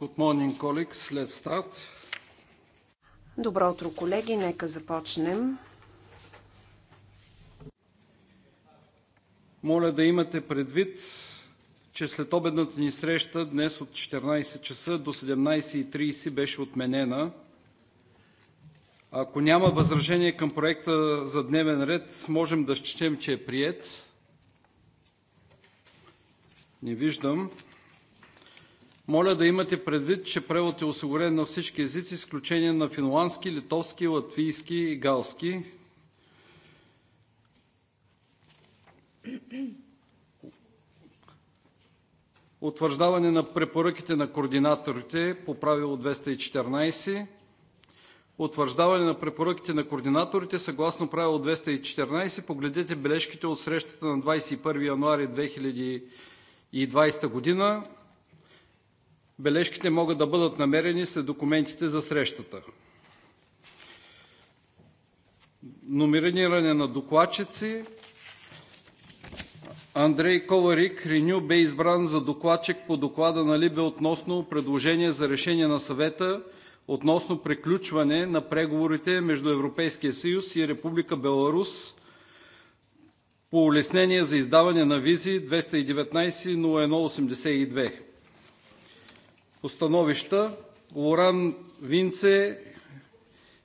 Good morning, colleagues. Let's start. Добро утро, колеги. Нека започнем. Моля да имате предвид, че след обедната ни среща днес от 14 часа до 17.30 беше отменена. Ако няма възражение към проекта за дневен ред, можем да счетем, че е прият. Не виждам. Моля да имате предвид, че превод е осигурен на всички езици, с изключение на финландски, литовски, латвийски и галски. Утвърждаване на препоръките на координаторите по правило 214. Утвърждаване на препоръките на координаторите съгласно правило 214. Погледнете бележките от срещата на 21 януари 2020 година. Бележките могат да бъдат намерени сред документите за срещата. Номиниране на докладчици. Андрей Коварик Реню бе избран за докладчик по доклада на Либе относно предложение за решение на съвета относно приключване на преговорите между Европейския съюз и Република Беларус по улеснение за издаване на визи 219-01-82 становища. Лоран Винце,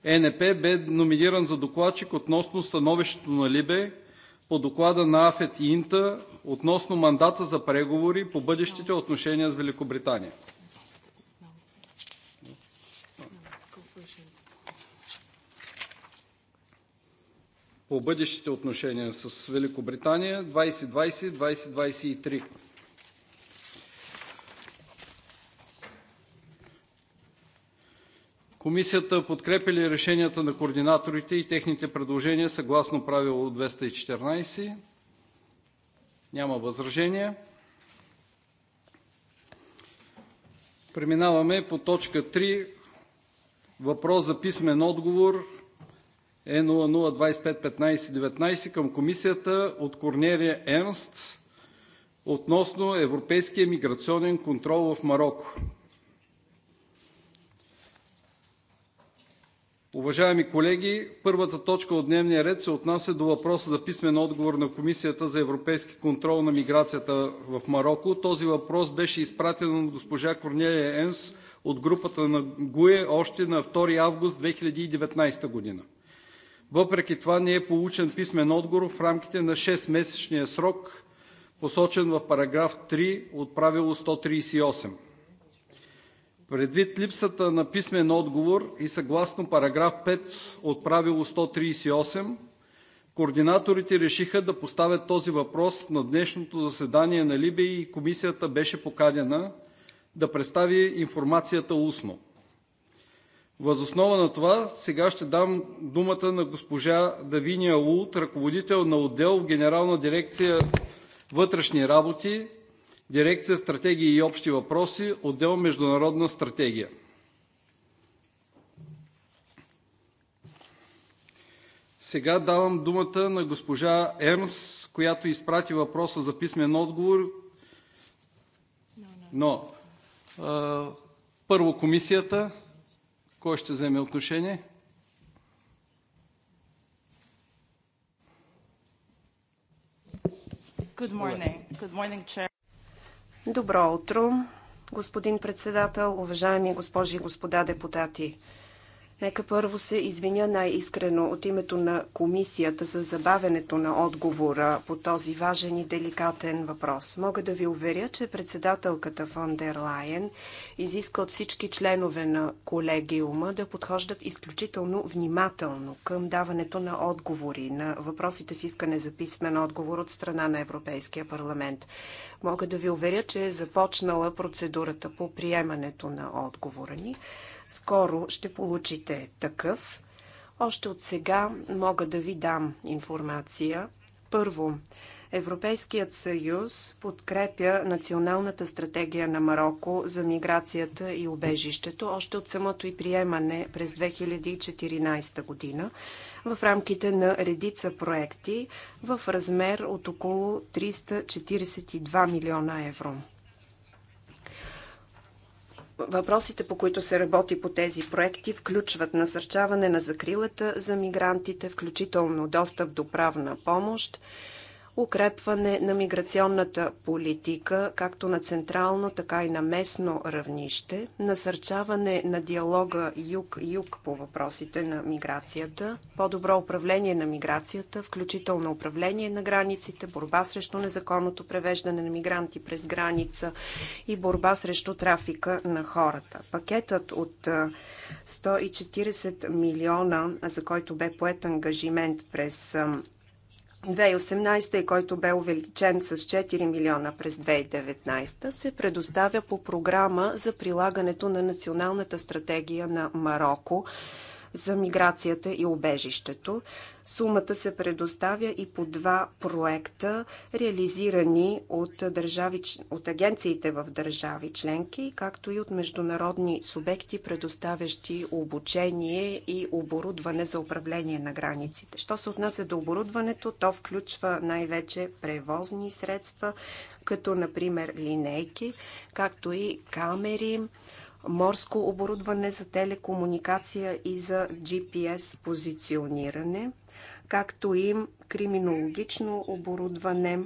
ЕНП, бе номиниран за докладчик относно становището на Либе по доклада на АФЕТ и Инта относно мандата за преговори по бъдещите отношения с Великобритания. по бъдещите отношения с Великобритания 2020-2023. Комисията подкрепя ли решенията на координаторите и техните предложения съгласно правило 214? Няма възражения. Преминаваме по точка 3 – въпрос за писмен отговор Е 00251519 към Комисията от Корнелия Ернст относно европейския миграционен контрол в Мароко. Уважаеми колеги, първата точка от дневния ред се отнася до въпроса за писмен отговор на Комисията за европейски контрол на миграцията в Мароко. Този въпрос беше изпратен от госпожа Корнелия Енс от групата на ГУЕ още на 2 август 2019 г. Въпреки това не е получен писмен отговор в рамките на 6-месечния срок, посочен в § параграф 3 от Правило 138. Предвид липсата на писмен отговор и съгласно § 5 от Правило 138 координаторите решиха да поставят този въпрос на днешното заседание на ЛИБИ и Комисията беше поканена да представи информацията устно. Въз основа на това сега ще дам думата на госпожа Давиния Улт, ръководител на отдел в Генерална дирекция „Вътрешни работи“ дирекция „Стратегии и общи въпроси“, отдел „Международна стратегия“. Сега давам думата на госпожа Ернс, която изпрати въпроса за писмен отговор, но първо комисията. Кой ще вземе отношение? Good morning. Good morning, Chair. Добро утро, господин председател, уважаеми госпожи и господа депутати. Нека първо се извиня най-искрено от името на комисията за забавенето на отговора по този важен и деликатен въпрос. Мога да ви уверя, че председателката фон дер Лайен изиска от всички членове на колегиума да подхождат изключително внимателно към даването на отговори на въпросите с искане за писмен отговор от страна на Европейския парламент. Мога да ви уверя, че е започнала процедурата по приемането на отговора ни. Скоро ще получите такъв. Още от сега мога да ви дам информация. Първо, Европейският съюз подкрепя националната стратегия на Марокко за миграцията и убежището още от самото и приемане през 2014 година в рамките на редица проекти в размер от около 342 милиона евро. Въпросите, по които се работи по тези проекти, включват насърчаване на закрилата за мигрантите, включително достъп до правна помощ, укрепване на миграционната политика, както на централно, така и на местно равнище, насърчаване на диалога юг-юг по въпросите на миграцията, по-добро управление на миграцията, включително управление на границите, борба срещу незаконното превеждане на мигранти през граница и борба срещу трафика на хората. Пакетът от 140 милиона, за който бе поет ангажимент през 2018 който бе увеличен с 4 милиона през 2019, се предоставя по програма за прилагането на Националната стратегия на Марокко за миграцията и обежището. Сумата се предоставя и по два проекта, реализирани от, държави, от агенциите в държави членки, както и от международни субекти, предоставящи обучение и оборудване за управление на границите. Що се отнася до оборудването, то включва най-вече превозни средства, като например линейки, както и камери, морско оборудване за телекомуникация и за GPS позициониране, както и криминологично оборудване,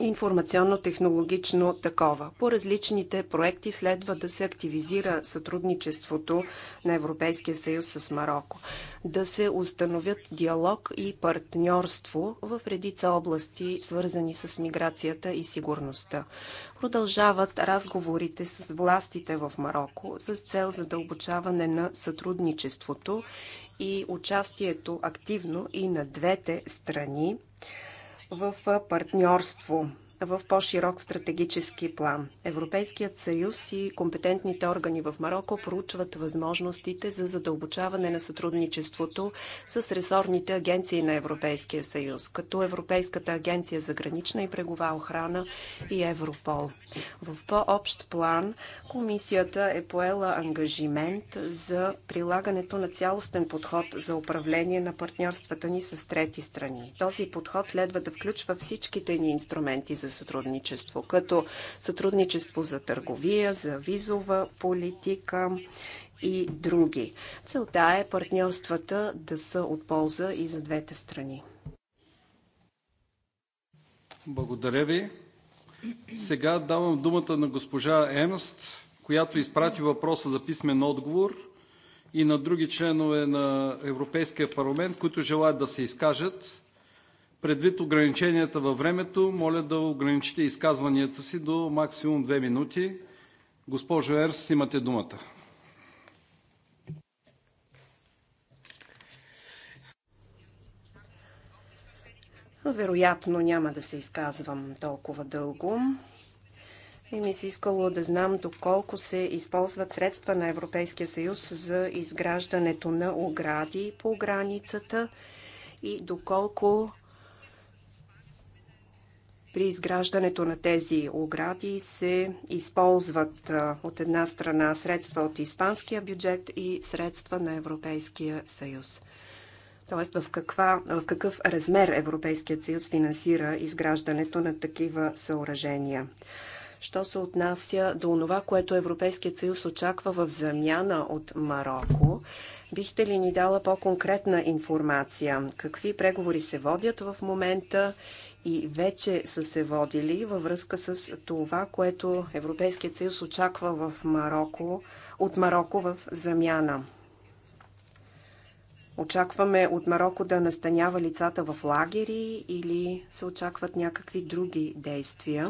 информационно-технологично такова. По различните проекти следва да се активизира сътрудничеството на Европейския съюз с Марокко, да се установят диалог и партньорство в редица области, свързани с миграцията и сигурността. Продължават разговорите с властите в Марокко с цел задълбочаване на сътрудничеството и участието активно и на двете страни в партньорство в по-широк стратегически план. Европейският съюз и компетентните органи в Марокко проучват възможностите за задълбочаване на сътрудничеството с ресорните агенции на Европейския съюз, като Европейската агенция за гранична и брегова охрана и Европол. В по-общ план комисията е поела ангажимент за прилагането на цялостен подход за управление на партньорствата ни с трети страни. Този подход следва да включва всичките ни инструменти за за сътрудничество, като сътрудничество за търговия, за визова политика и други. Целта е партньорствата да са от полза и за двете страни. Благодаря ви. Сега давам думата на госпожа Емст, която изпрати въпроса за писмен отговор и на други членове на Европейския парламент, които желаят да се изкажат. Предвид ограниченията във времето, моля да ограничите изказванията си до максимум две минути. Госпожо Ерс, имате думата. Вероятно няма да се изказвам толкова дълго. И ми се искало да знам доколко се използват средства на Европейския съюз за изграждането на огради по границата и доколко при изграждането на тези огради се използват от една страна средства от испанския бюджет и средства на Европейския съюз. Тоест в, каква, в какъв размер Европейският съюз финансира изграждането на такива съоръжения. Що се отнася до това, което Европейският съюз очаква в замяна от Марокко, бихте ли ни дала по-конкретна информация? Какви преговори се водят в момента? и вече са се водили във връзка с това, което Европейският съюз очаква в Марокко, от Марокко в замяна. Очакваме от Марокко да настанява лицата в лагери или се очакват някакви други действия.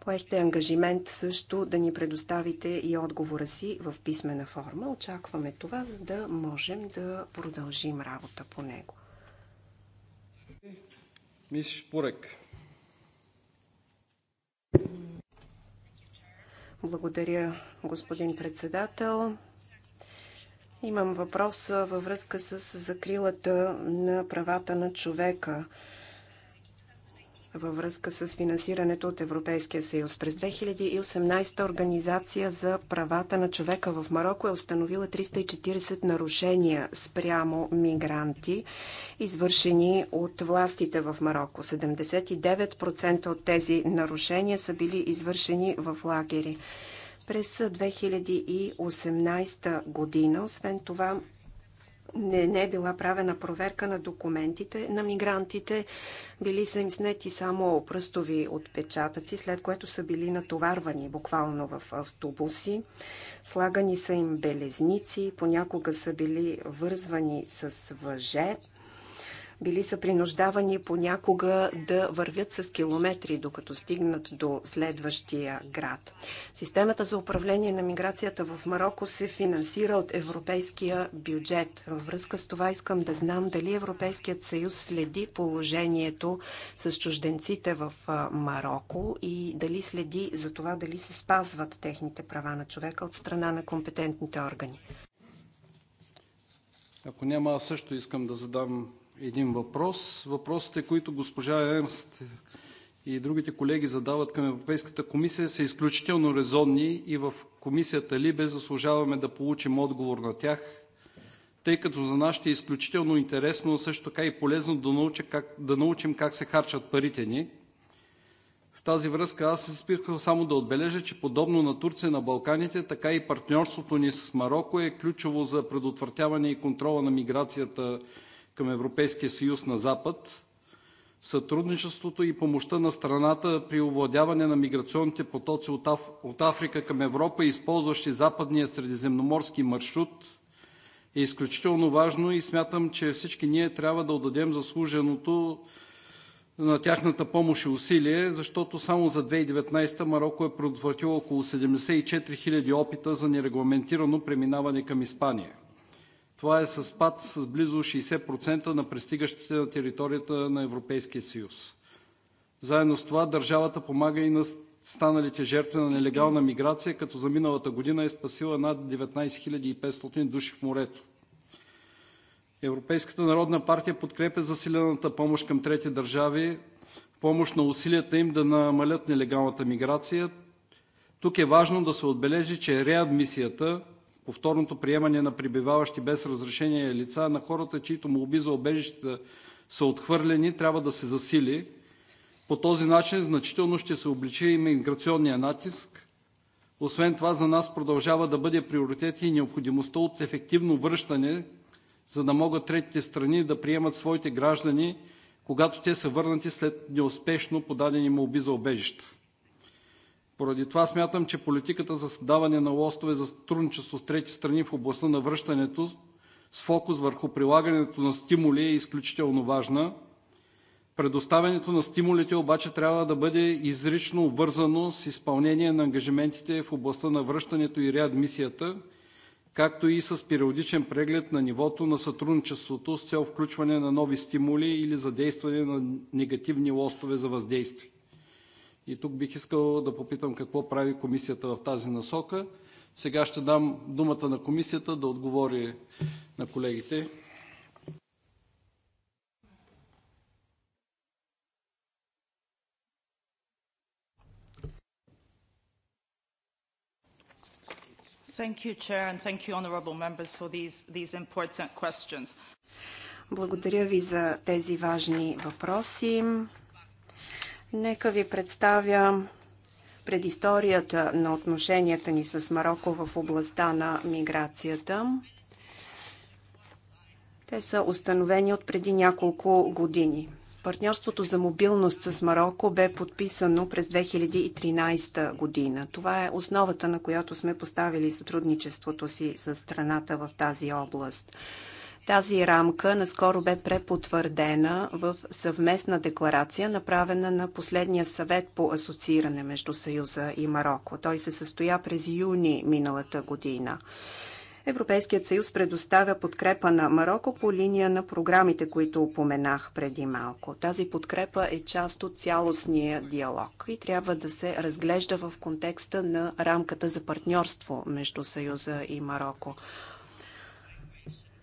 Поехте ангажимент също да ни предоставите и отговора си в писмена форма. Очакваме това, за да можем да продължим работа по него. Мис Шпурек. Благодаря, господин председател. Имам въпрос във връзка с закрилата на правата на човека във връзка с финансирането от Европейския съюз. През 2018 Организация за правата на човека в Марокко е установила 340 нарушения спрямо мигранти, извършени от властите в Марокко. 79% от тези нарушения са били извършени в лагери. През 2018 година, освен това, не, не е била правена проверка на документите на мигрантите. Били са им снети само пръстови отпечатъци, след което са били натоварвани буквално в автобуси. Слагани са им белезници, понякога са били вързвани с въже. Били са принуждавани понякога да вървят с километри, докато стигнат до следващия град. Системата за управление на миграцията в Марокко се финансира от европейския бюджет. Във връзка с това искам да знам дали Европейският съюз следи положението с чужденците в Марокко и дали следи за това дали се спазват техните права на човека от страна на компетентните органи. Ако няма, аз също искам да задам един въпрос. Въпросите, които госпожа Ернст и другите колеги задават към Европейската комисия, са изключително резонни и в Комисията Либе заслужаваме да получим отговор на тях, тъй като за нас ще е изключително интересно, но също така и полезно да, науча как, да научим как се харчат парите ни. В тази връзка аз се спирах само да отбележа, че подобно на Турция на Балканите, така и партньорството ни с Марокко е ключово за предотвратяване и контрола на миграцията към Европейския съюз на Запад, сътрудничеството и помощта на страната при овладяване на миграционните потоци от Африка към Европа, използващи Западния средиземноморски маршрут, е изключително важно и смятам, че всички ние трябва да отдадем заслуженото на тяхната помощ и усилие, защото само за 2019 Мароко е предотвратило около 74 000 опита за нерегламентирано преминаване към Испания. Това е със спад с близо 60% на пристигащите на територията на Европейския съюз. Заедно с това държавата помага и на станалите жертви на нелегална миграция, като за миналата година е спасила над 19 500 души в морето. Европейската народна партия подкрепя засилената помощ към трети държави в помощ на усилията им да намалят нелегалната миграция. Тук е важно да се отбележи, че е реадмисията повторното приемане на пребиваващи без разрешение лица, на хората, чието молби за убежище са отхвърлени, трябва да се засили. По този начин значително ще се обличи и миграционния натиск. Освен това за нас продължава да бъде приоритет и необходимостта от ефективно връщане, за да могат третите страни да приемат своите граждани, когато те са върнати след неуспешно подадени молби за убежище. Поради това смятам, че политиката за създаване на лостове за сътрудничество с трети страни в областта на връщането с фокус върху прилагането на стимули е изключително важна. Предоставянето на стимулите обаче трябва да бъде изрично обвързано с изпълнение на ангажиментите в областта на връщането и реадмисията, както и с периодичен преглед на нивото на сътрудничеството с цел включване на нови стимули или задействане на негативни лостове за въздействие. И Тук бих искал да попитам какво прави Комисията в тази насока? Сега ще дам думата на Комисията да отговори на колегите. Thank you, Chair, and thank you, honorable members, for these, these important questions. Благодаря ви за тези важни въпроси. Нека ви представя предисторията на отношенията ни с Марокко в областта на миграцията. Те са установени от преди няколко години. Партньорството за мобилност с Марокко бе подписано през 2013 година. Това е основата, на която сме поставили сътрудничеството си с страната в тази област. Тази рамка наскоро бе препотвърдена в съвместна декларация, направена на последния съвет по асоцииране между Съюза и Марокко. Той се състоя през юни миналата година. Европейският съюз предоставя подкрепа на Марокко по линия на програмите, които упоменах преди малко. Тази подкрепа е част от цялостния диалог и трябва да се разглежда в контекста на рамката за партньорство между Съюза и Марокко.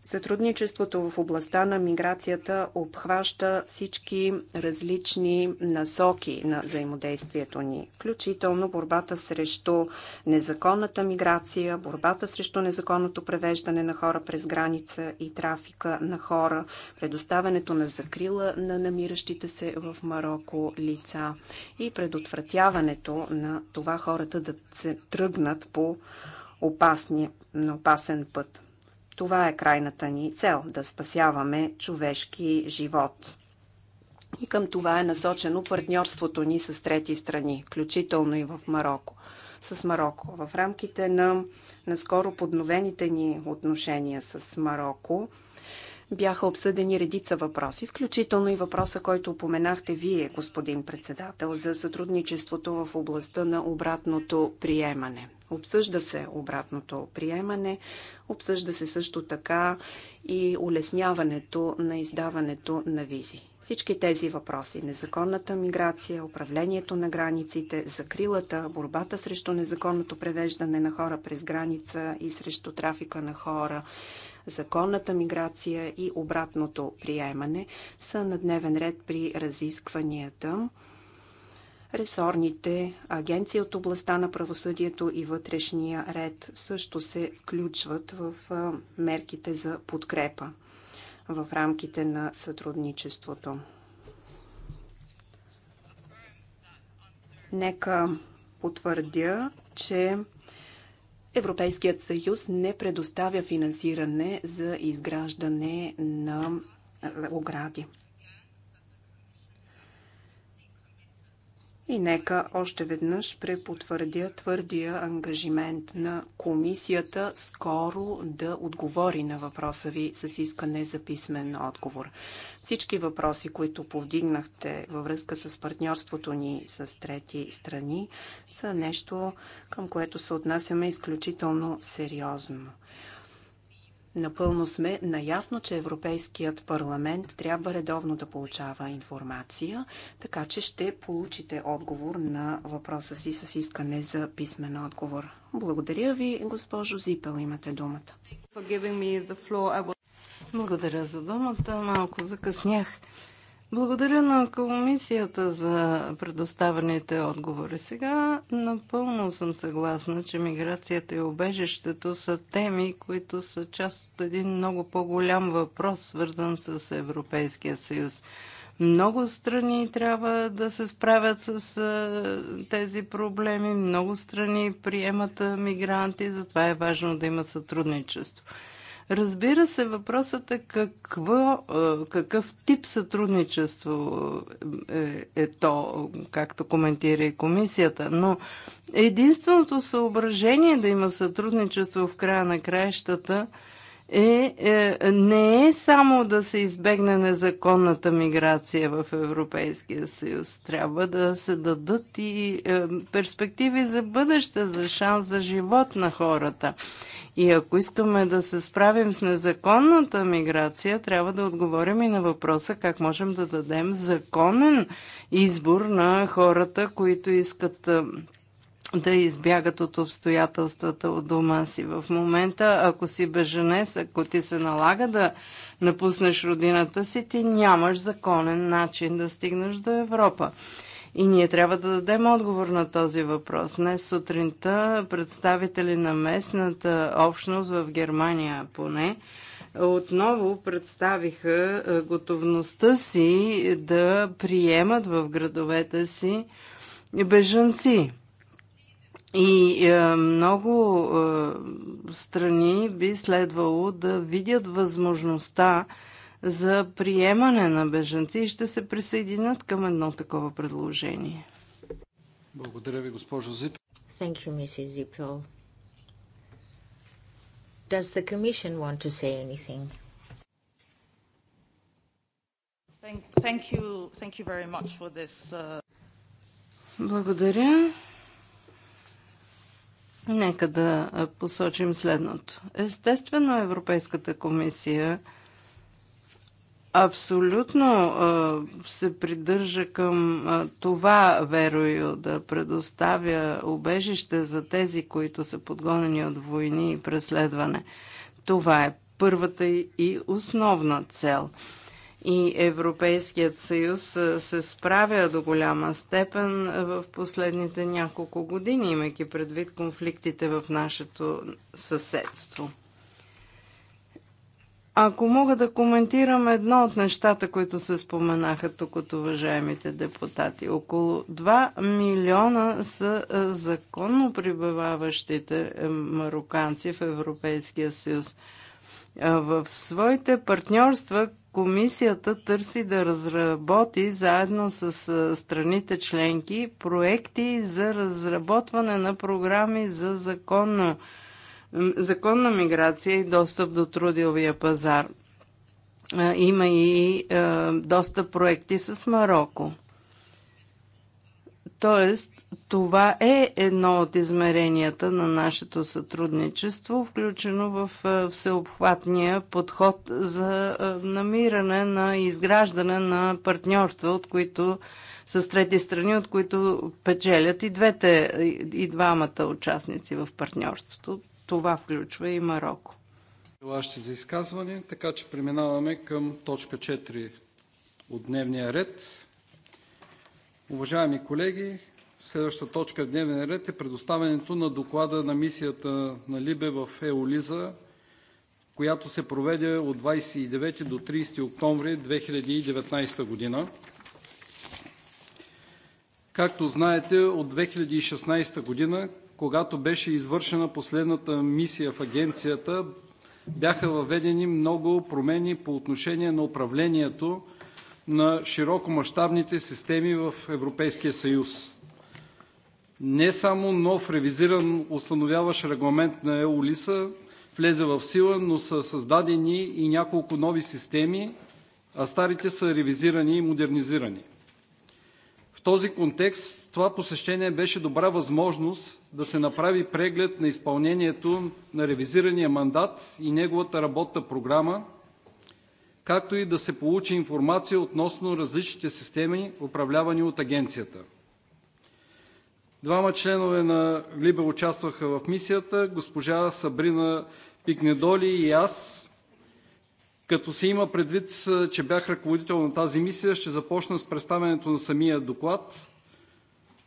Сътрудничеството в областта на миграцията обхваща всички различни насоки на взаимодействието ни, включително борбата срещу незаконната миграция, борбата срещу незаконното превеждане на хора през граница и трафика на хора, предоставянето на закрила на намиращите се в Марокко лица и предотвратяването на това хората да се тръгнат по опасни, на опасен път. Това е крайната ни цел да спасяваме човешки живот. И към това е насочено партньорството ни с трети страни, включително и в Марокко. С Марокко. В рамките на наскоро подновените ни отношения с Марокко, бяха обсъдени редица въпроси, включително и въпроса, който упоменахте вие, господин председател, за сътрудничеството в областта на обратното приемане. Обсъжда се обратното приемане, обсъжда се също така и улесняването на издаването на визи. Всички тези въпроси незаконната миграция, управлението на границите, закрилата, борбата срещу незаконното превеждане на хора през граница и срещу трафика на хора, законната миграция и обратното приемане са на дневен ред при разискванията. Ресорните агенции от областта на правосъдието и вътрешния ред също се включват в мерките за подкрепа в рамките на сътрудничеството. Нека потвърдя, че Европейският съюз не предоставя финансиране за изграждане на огради. И нека още веднъж препотвърдя твърдия ангажимент на комисията скоро да отговори на въпроса ви с искане за писмен отговор. Всички въпроси, които повдигнахте във връзка с партньорството ни с трети страни, са нещо, към което се отнасяме изключително сериозно. Напълно сме наясно, че Европейският парламент трябва редовно да получава информация, така че ще получите отговор на въпроса си с искане за писмен отговор. Благодаря ви, госпожо Зипел, имате думата. Благодаря за думата, малко закъснях. Благодаря на комисията за предоставените отговори. Сега напълно съм съгласна, че миграцията и обежището са теми, които са част от един много по-голям въпрос, свързан с Европейския съюз. Много страни трябва да се справят с тези проблеми, много страни приемат мигранти, затова е важно да има сътрудничество. Разбира се, въпросът е какво, е, какъв тип сътрудничество е, е то, както коментира и комисията, но единственото съображение да има сътрудничество в края на краищата е, е, не е само да се избегне незаконната миграция в Европейския съюз. Трябва да се дадат и е, перспективи за бъдеще, за шанс за живот на хората. И ако искаме да се справим с незаконната миграция, трябва да отговорим и на въпроса как можем да дадем законен избор на хората, които искат да избягат от обстоятелствата от дома си. В момента, ако си беженец, ако ти се налага да напуснеш родината си, ти нямаш законен начин да стигнеш до Европа. И ние трябва да дадем отговор на този въпрос. Днес сутринта представители на местната общност в Германия поне отново представиха е, готовността си да приемат в градовете си бежанци. И е, много е, страни би следвало да видят възможността за приемане на бежанци и ще се присъединят към едно такова предложение. Благодаря ви, госпожо Зип. Thank you, Mrs. Zipel. Does the Commission want to say anything? Thank, you, thank you very much for this. Uh, Благодаря. Нека да посочим следното. Естествено, Европейската комисия абсолютно се придържа към това Верою да предоставя убежище за тези, които са подгонени от войни и преследване. Това е първата и основна цел. И Европейският съюз се справя до голяма степен в последните няколко години, имайки предвид конфликтите в нашето съседство. Ако мога да коментирам едно от нещата, които се споменаха тук от уважаемите депутати. Около 2 милиона са е, законно прибиваващите е, мароканци в Европейския съюз. Е, в своите партньорства комисията търси да разработи заедно с страните членки проекти за разработване на програми за законно законна миграция и достъп до трудовия пазар. Има и доста проекти с Марокко. Тоест, това е едно от измеренията на нашето сътрудничество, включено в всеобхватния подход за намиране на изграждане на партньорства, от които с трети страни, от които печелят и двете, и двамата участници в партньорството. Това включва и Марокко. Желащи за изказване, така че преминаваме към точка 4 от дневния ред. Уважаеми колеги, следващата точка в дневния ред е предоставянето на доклада на мисията на Либе в Еолиза, която се проведе от 29 до 30 октомври 2019 година. Както знаете, от 2016 година когато беше извършена последната мисия в Агенцията, бяха въведени много промени по отношение на управлението на широкомащабните системи в Европейския съюз. Не само нов ревизиран установяващ регламент на ЕОЛИСА влезе в сила, но са създадени и няколко нови системи, а старите са ревизирани и модернизирани. В този контекст това посещение беше добра възможност да се направи преглед на изпълнението на ревизирания мандат и неговата работна програма, както и да се получи информация относно различните системи, управлявани от Агенцията. Двама членове на Либе участваха в мисията – госпожа Сабрина Пикнедоли и аз. Като се има предвид, че бях ръководител на тази мисия, ще започна с представянето на самия доклад,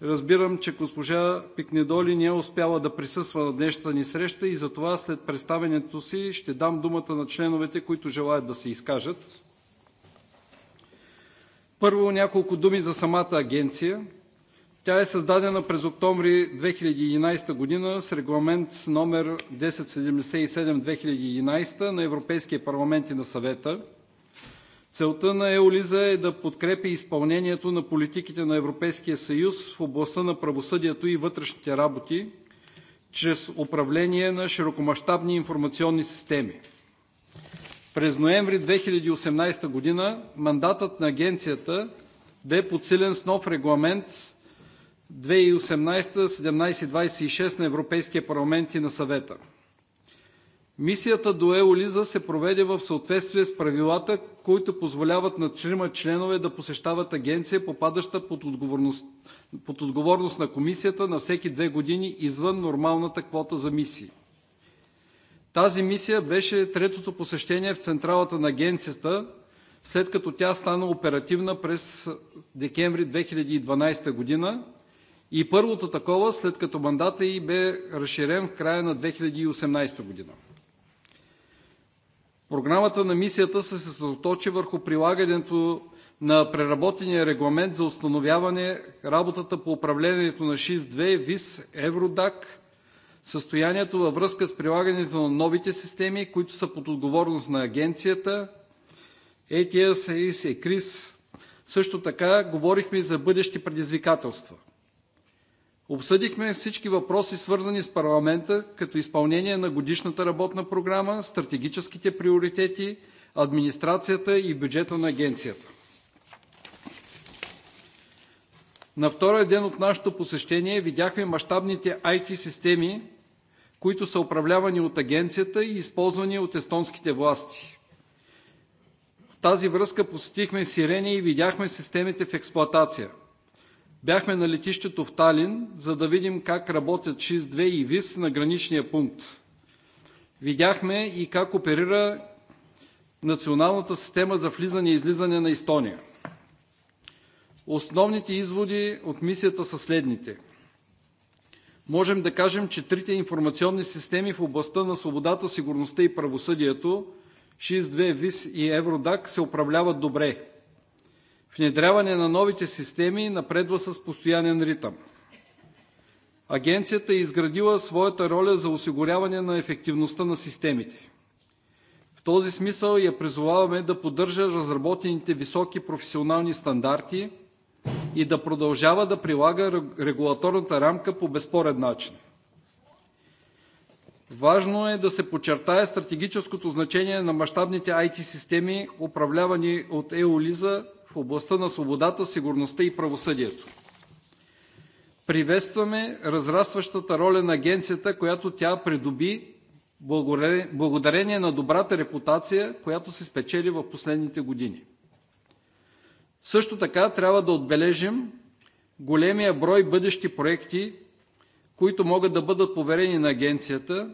Разбирам, че госпожа Пикнедоли не е успяла да присъства на днешната ни среща и затова след представянето си ще дам думата на членовете, които желаят да се изкажат. Първо, няколко думи за самата агенция. Тя е създадена през октомври 2011 година с Регламент номер 1077/2011 на Европейския парламент и на Съвета Целта на EULISA е да подкрепи изпълнението на политиките на Европейския съюз в областта на правосъдието и вътрешните работи чрез управление на широкомащабни информационни системи. През ноември 2018 г. мандатът на Агенцията бе подсилен с нов регламент 2018-1726 на Европейския парламент и на Съвета. Мисията до EULISA се проведе в съответствие с правилата, които позволяват на трима членове да посещават агенция, попадаща под отговорност на Комисията, на всеки две години извън нормалната квота за мисии. Тази мисия беше третото посещение в централата на Агенцията, след като тя стана оперативна през декември 2012 г. и първото такова, след като мандата ѝ бе разширен в края на 2018 г. Програмата на Мисията се съсредоточи върху прилагането на преработения Регламент за установяване работата по управлението на ШИС-2, ВИС, Евродак, състоянието във връзка с прилагането на новите системи, които са под отговорност на Агенцията, ETIAS, ECRIS. Също така говорихме и за бъдещи предизвикателства. Обсъдихме всички въпроси, свързани с парламента, като изпълнение на Годишната работна програма, стратегическите приоритети, администрацията и бюджета на Агенцията. На втория ден от нашето посещение видяхме мащабните IT системи, които са управлявани от Агенцията и използвани от естонските власти. В тази връзка посетихме Сирене и видяхме системите в експлоатация – Бяхме на летището в Талин, за да видим как работят ШИС-2 и ВИС на граничния пункт. Видяхме и как оперира националната система за влизане и излизане на Естония. Основните изводи от мисията са следните. Можем да кажем, че трите информационни системи в областта на свободата, сигурността и правосъдието – ШИС-2, ВИС и Евродак, се управляват добре внедряване на новите системи напредва с постоянен ритъм. Агенцията е изградила своята роля за осигуряване на ефективността на системите. В този смисъл я призоваваме да поддържа разработените високи професионални стандарти и да продължава да прилага регулаторната рамка по безспорен начин. Важно е да се подчертае стратегическото значение на мащабните IT системи, управлявани от EULISA в областта на свободата, сигурността и правосъдието. Приветстваме разрастващата роля на Агенцията, която тя придоби благодарение на добрата репутация, която се спечели в последните години. Също така трябва да отбележим големия брой бъдещи проекти, които могат да бъдат поверени на Агенцията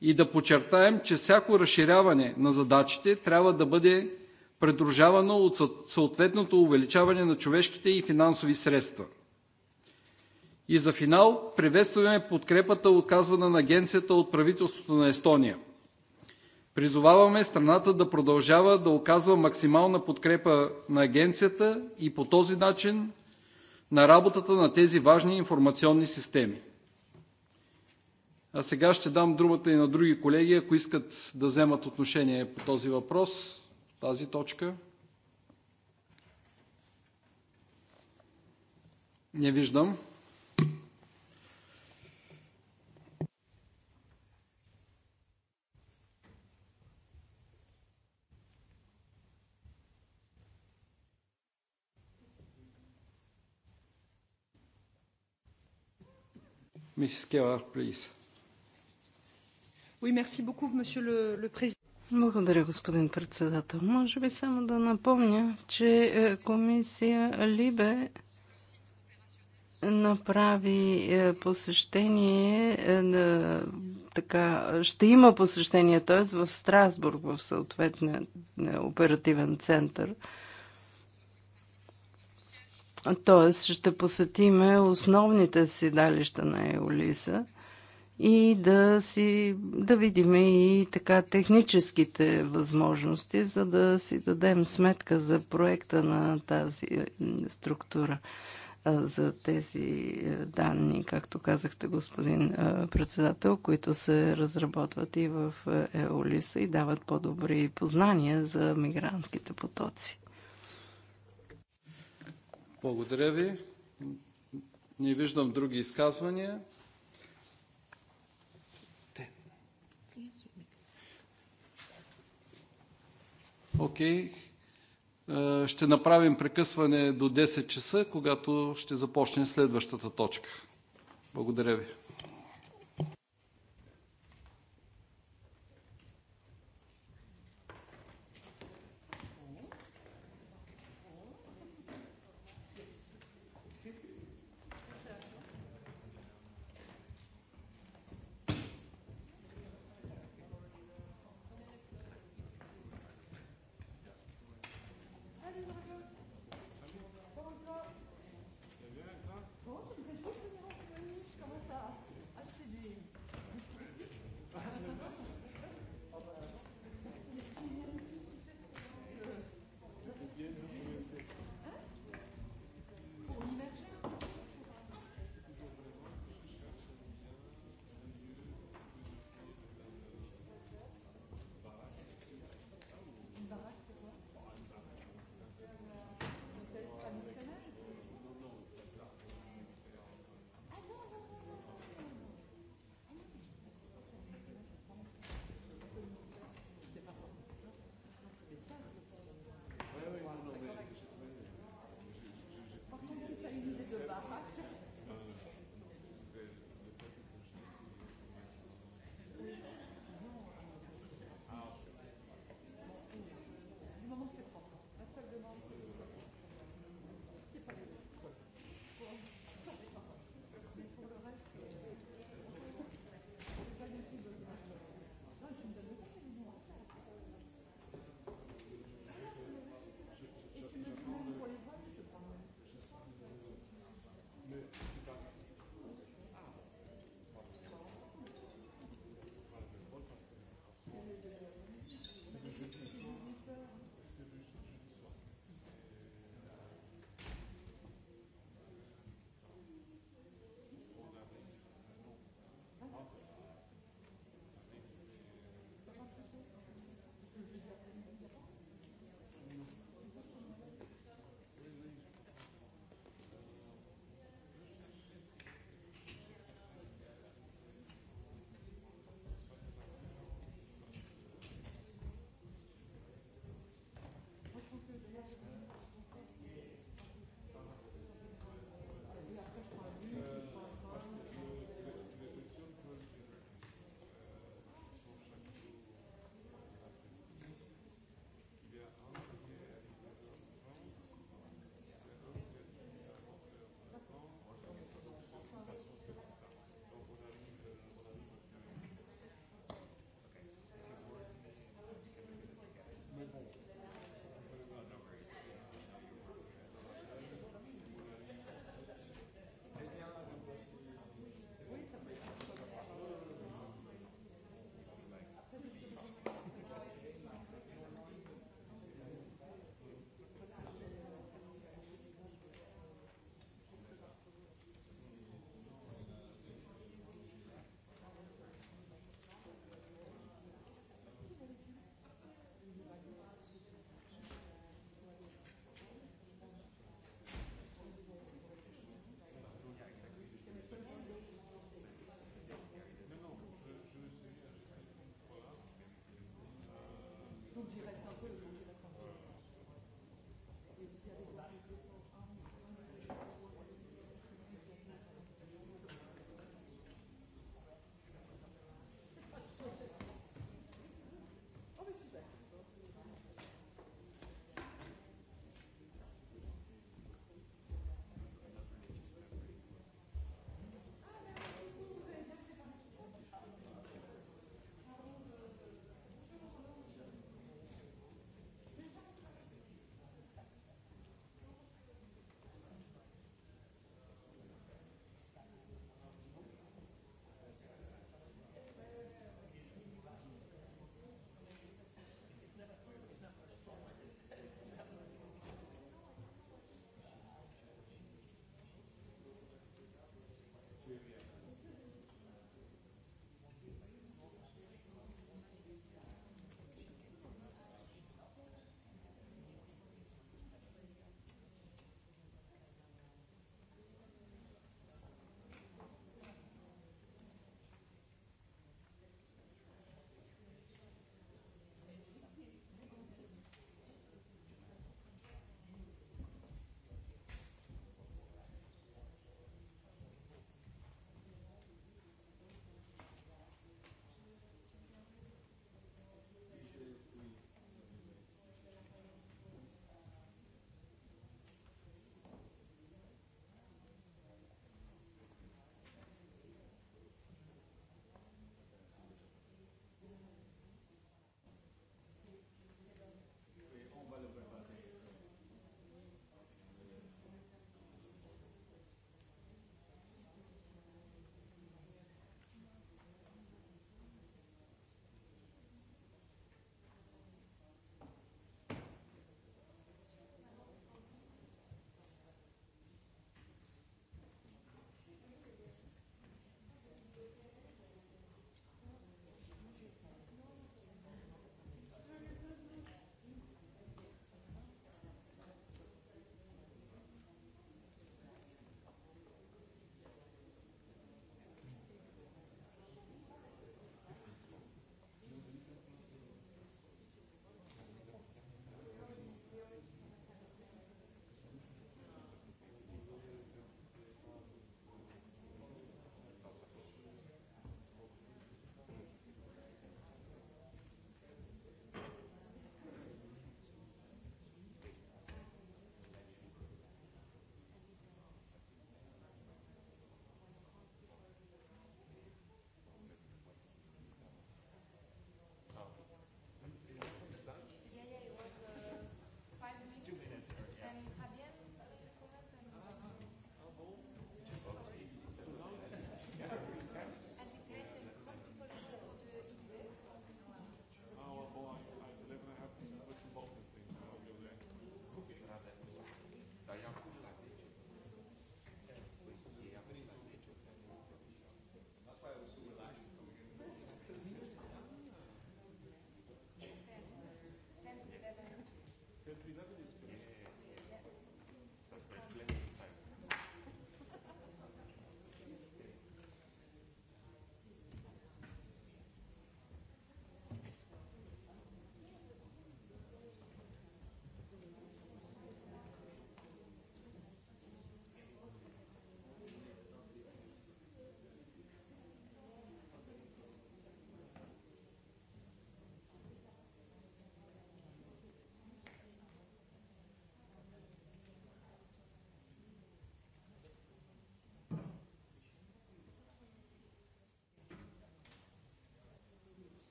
и да подчертаем, че всяко разширяване на задачите трябва да бъде придружавано от съответното увеличаване на човешките и финансови средства. И за финал приветстваме подкрепата, оказвана на Агенцията от правителството на Естония. Призоваваме страната да продължава да оказва максимална подкрепа на Агенцията и по този начин на работата на тези важни информационни системи. А сега ще дам думата и на други колеги, ако искат да вземат отношение по този въпрос тази точка. Не виждам. Mrs. Keller, please. Oui, merci beaucoup, Monsieur le, le Président. Благодаря, господин председател. Може би само да напомня, че е, комисия Либе направи е, посещение е, на така, ще има посещение, т.е. в Страсбург, в съответния оперативен център. Т.е. ще посетиме основните седалища на Еолиса – и да си да видим и така техническите възможности, за да си дадем сметка за проекта на тази е, структура е, за тези е, данни, както казахте, господин председател, които се разработват и в Еолиса и дават по-добри познания за мигрантските потоци. Благодаря ви. Не виждам други изказвания. Окей. Е, ще направим прекъсване до 10 часа, когато ще започне следващата точка. Благодаря Ви.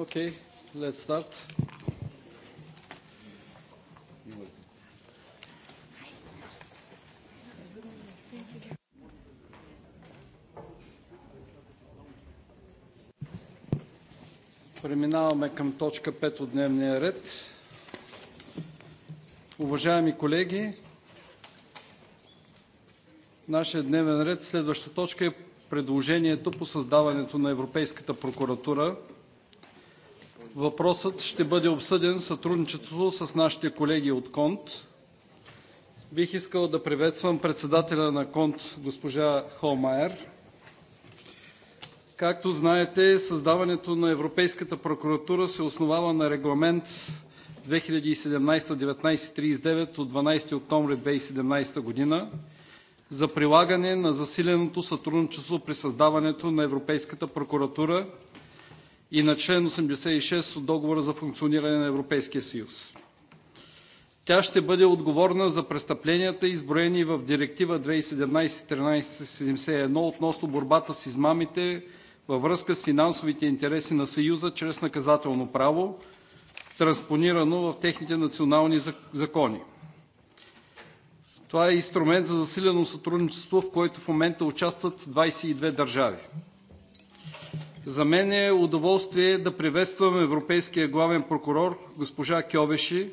Okay, let's start. Преминаваме към точка 5 от дневния ред. Уважаеми колеги, нашия дневен ред следваща точка е предложението по създаването на Европейската прокуратура – Въпросът ще бъде обсъден в сътрудничество с нашите колеги от КОНТ. Бих искал да приветствам председателя на КОНТ госпожа Холмайер. Както знаете, създаването на Европейската прокуратура се основава на Регламент 2017-1939 от 12 октомври 2017 година за прилагане на засиленото сътрудничество при създаването на Европейската прокуратура и на член 86 от Договора за функциониране на Европейския съюз. Тя ще бъде отговорна за престъпленията, изброени в Директива 2017/1371 относно борбата с измамите във връзка с финансовите интереси на Съюза чрез наказателно право, транспонирано в техните национални закони. Това е инструмент за засилено сътрудничество, в който в момента участват 22 държави. За мен е удоволствие да приветствам европейския главен прокурор госпожа Кьовеши,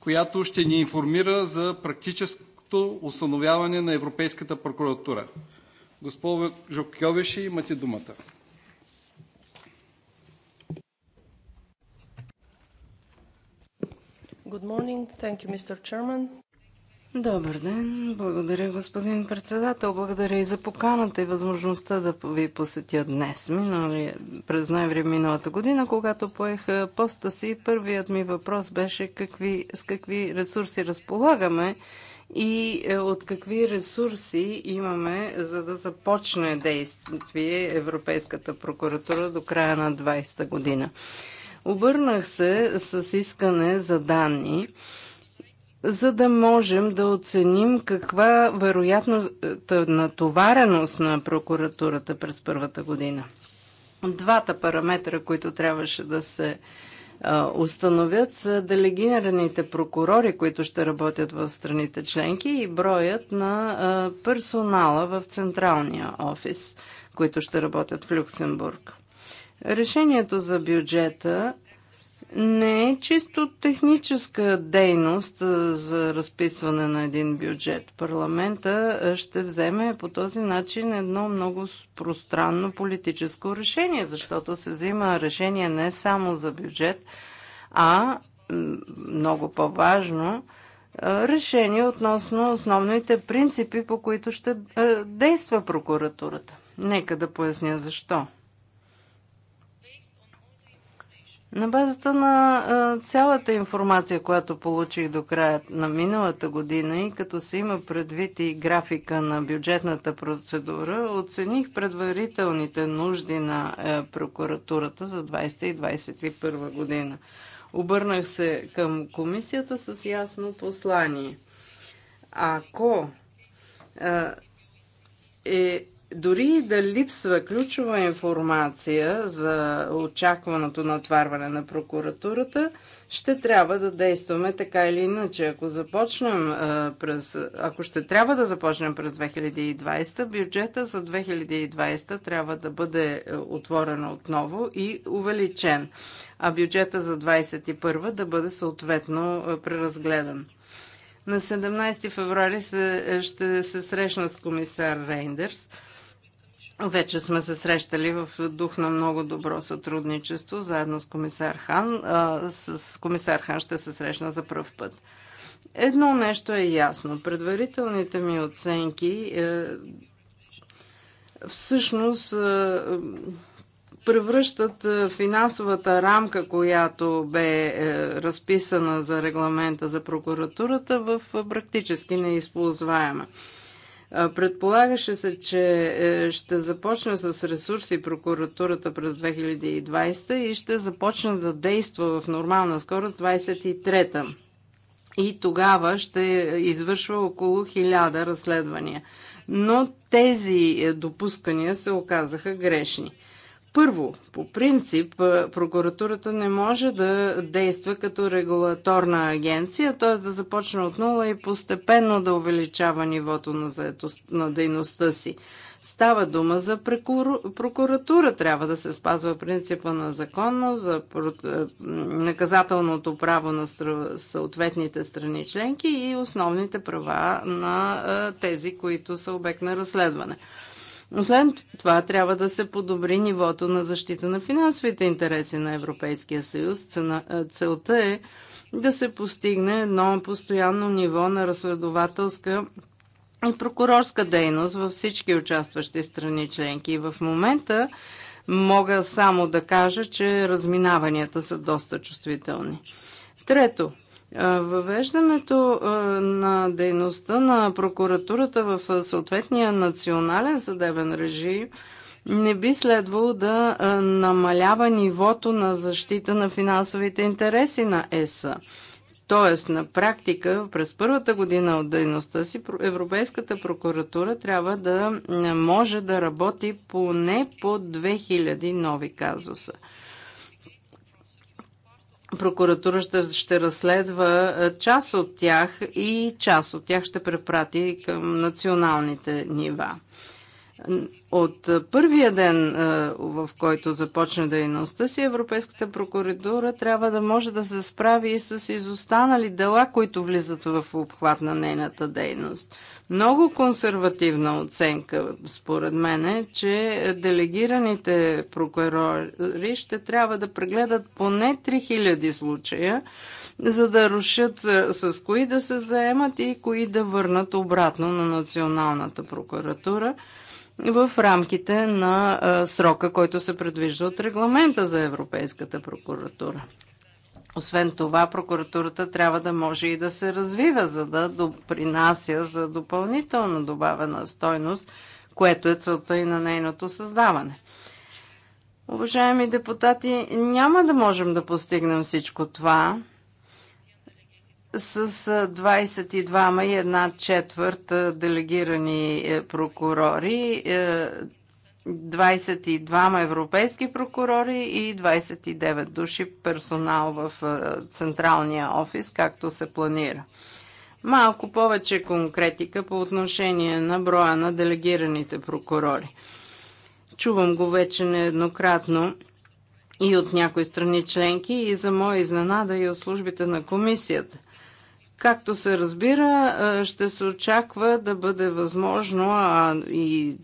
която ще ни информира за практическото установяване на Европейската прокуратура. Госпожо Кьовеши, имате думата. Good morning. Thank you, Mr. Chairman. Добър ден. Благодаря, господин председател. Благодаря и за поканата и възможността да ви посетя днес. Минали, през ноември миналата година, когато поех поста си, първият ми въпрос беше какви, с какви ресурси разполагаме и е, от какви ресурси имаме, за да започне действие Европейската прокуратура до края на 20-та година. Обърнах се с искане за данни за да можем да оценим каква вероятната натовареност на прокуратурата през първата година. Двата параметра, които трябваше да се установят са делегираните прокурори, които ще работят в страните членки и броят на персонала в централния офис, които ще работят в Люксембург. Решението за бюджета не е чисто техническа дейност за разписване на един бюджет. Парламента ще вземе по този начин едно много пространно политическо решение, защото се взима решение не само за бюджет, а много по-важно решение относно основните принципи, по които ще действа прокуратурата. Нека да поясня защо. На базата на цялата информация, която получих до края на миналата година и като се има предвид и графика на бюджетната процедура, оцених предварителните нужди на е, прокуратурата за и 2021 година. Обърнах се към комисията с ясно послание. Ако е, е дори да липсва ключова информация за очакваното натварване на прокуратурата, ще трябва да действаме така или иначе. Ако започнем през, ако ще трябва да започнем през 2020, бюджета за 2020 трябва да бъде е, отворен отново и увеличен, а бюджета за 2021 да бъде съответно е, преразгледан. На 17 февруари е, ще се срещна с комисар Рейндерс – вече сме се срещали в дух на много добро сътрудничество, заедно с комисар Хан. С комисар Хан ще се срещна за пръв път. Едно нещо е ясно. Предварителните ми оценки е, всъщност е, превръщат е, финансовата рамка, която бе е, разписана за регламента за прокуратурата, в е, практически неизползваема. Предполагаше се, че е, ще започне с ресурси прокуратурата през 2020 и ще започне да действа в нормална скорост 23-та. И тогава ще извършва около 1000 разследвания. Но тези е, допускания се оказаха грешни. Първо, по принцип, прокуратурата не може да действа като регулаторна агенция, т.е. да започне от нула и постепенно да увеличава нивото на, заедост, на дейността си. Става дума за прокуратура. Трябва да се спазва принципа на законно, за е, наказателното право на съответните страни членки и основните права на е, тези, които са обект на разследване. Освен това, трябва да се подобри нивото на защита на финансовите интереси на Европейския съюз. Е, целта е да се постигне едно постоянно ниво на разследователска и прокурорска дейност във всички участващи страни членки. И в момента мога само да кажа, че разминаванията са доста чувствителни. Трето, Въвеждането на дейността на прокуратурата в съответния национален съдебен режим не би следвало да намалява нивото на защита на финансовите интереси на ЕСА. Тоест, на практика, през първата година от дейността си, Европейската прокуратура трябва да може да работи поне по 2000 нови казуса – прокуратура ще, ще разследва е, част от тях и част от тях ще препрати към националните нива. От първия ден, е, в който започне дейността си, Европейската прокуратура трябва да може да се справи и с изостанали дела, които влизат в обхват на нейната дейност. Много консервативна оценка, според мен, е, че делегираните прокурори ще трябва да прегледат поне 3000 случая, за да рушат е, с кои да се заемат и кои да върнат обратно на Националната прокуратура – в рамките на срока, който се предвижда от регламента за Европейската прокуратура. Освен това, прокуратурата трябва да може и да се развива, за да допринася за допълнителна добавена стойност, което е целта и на нейното създаване. Уважаеми депутати, няма да можем да постигнем всичко това, с 22 и една четвърт делегирани е, прокурори, 22 е, европейски прокурори и 29 души персонал в е, централния офис, както се планира. Малко повече конкретика по отношение на броя на делегираните прокурори. Чувам го вече нееднократно и от някои страни членки и за моя изненада и от службите на комисията – Както се разбира, ще се очаква да бъде възможно а и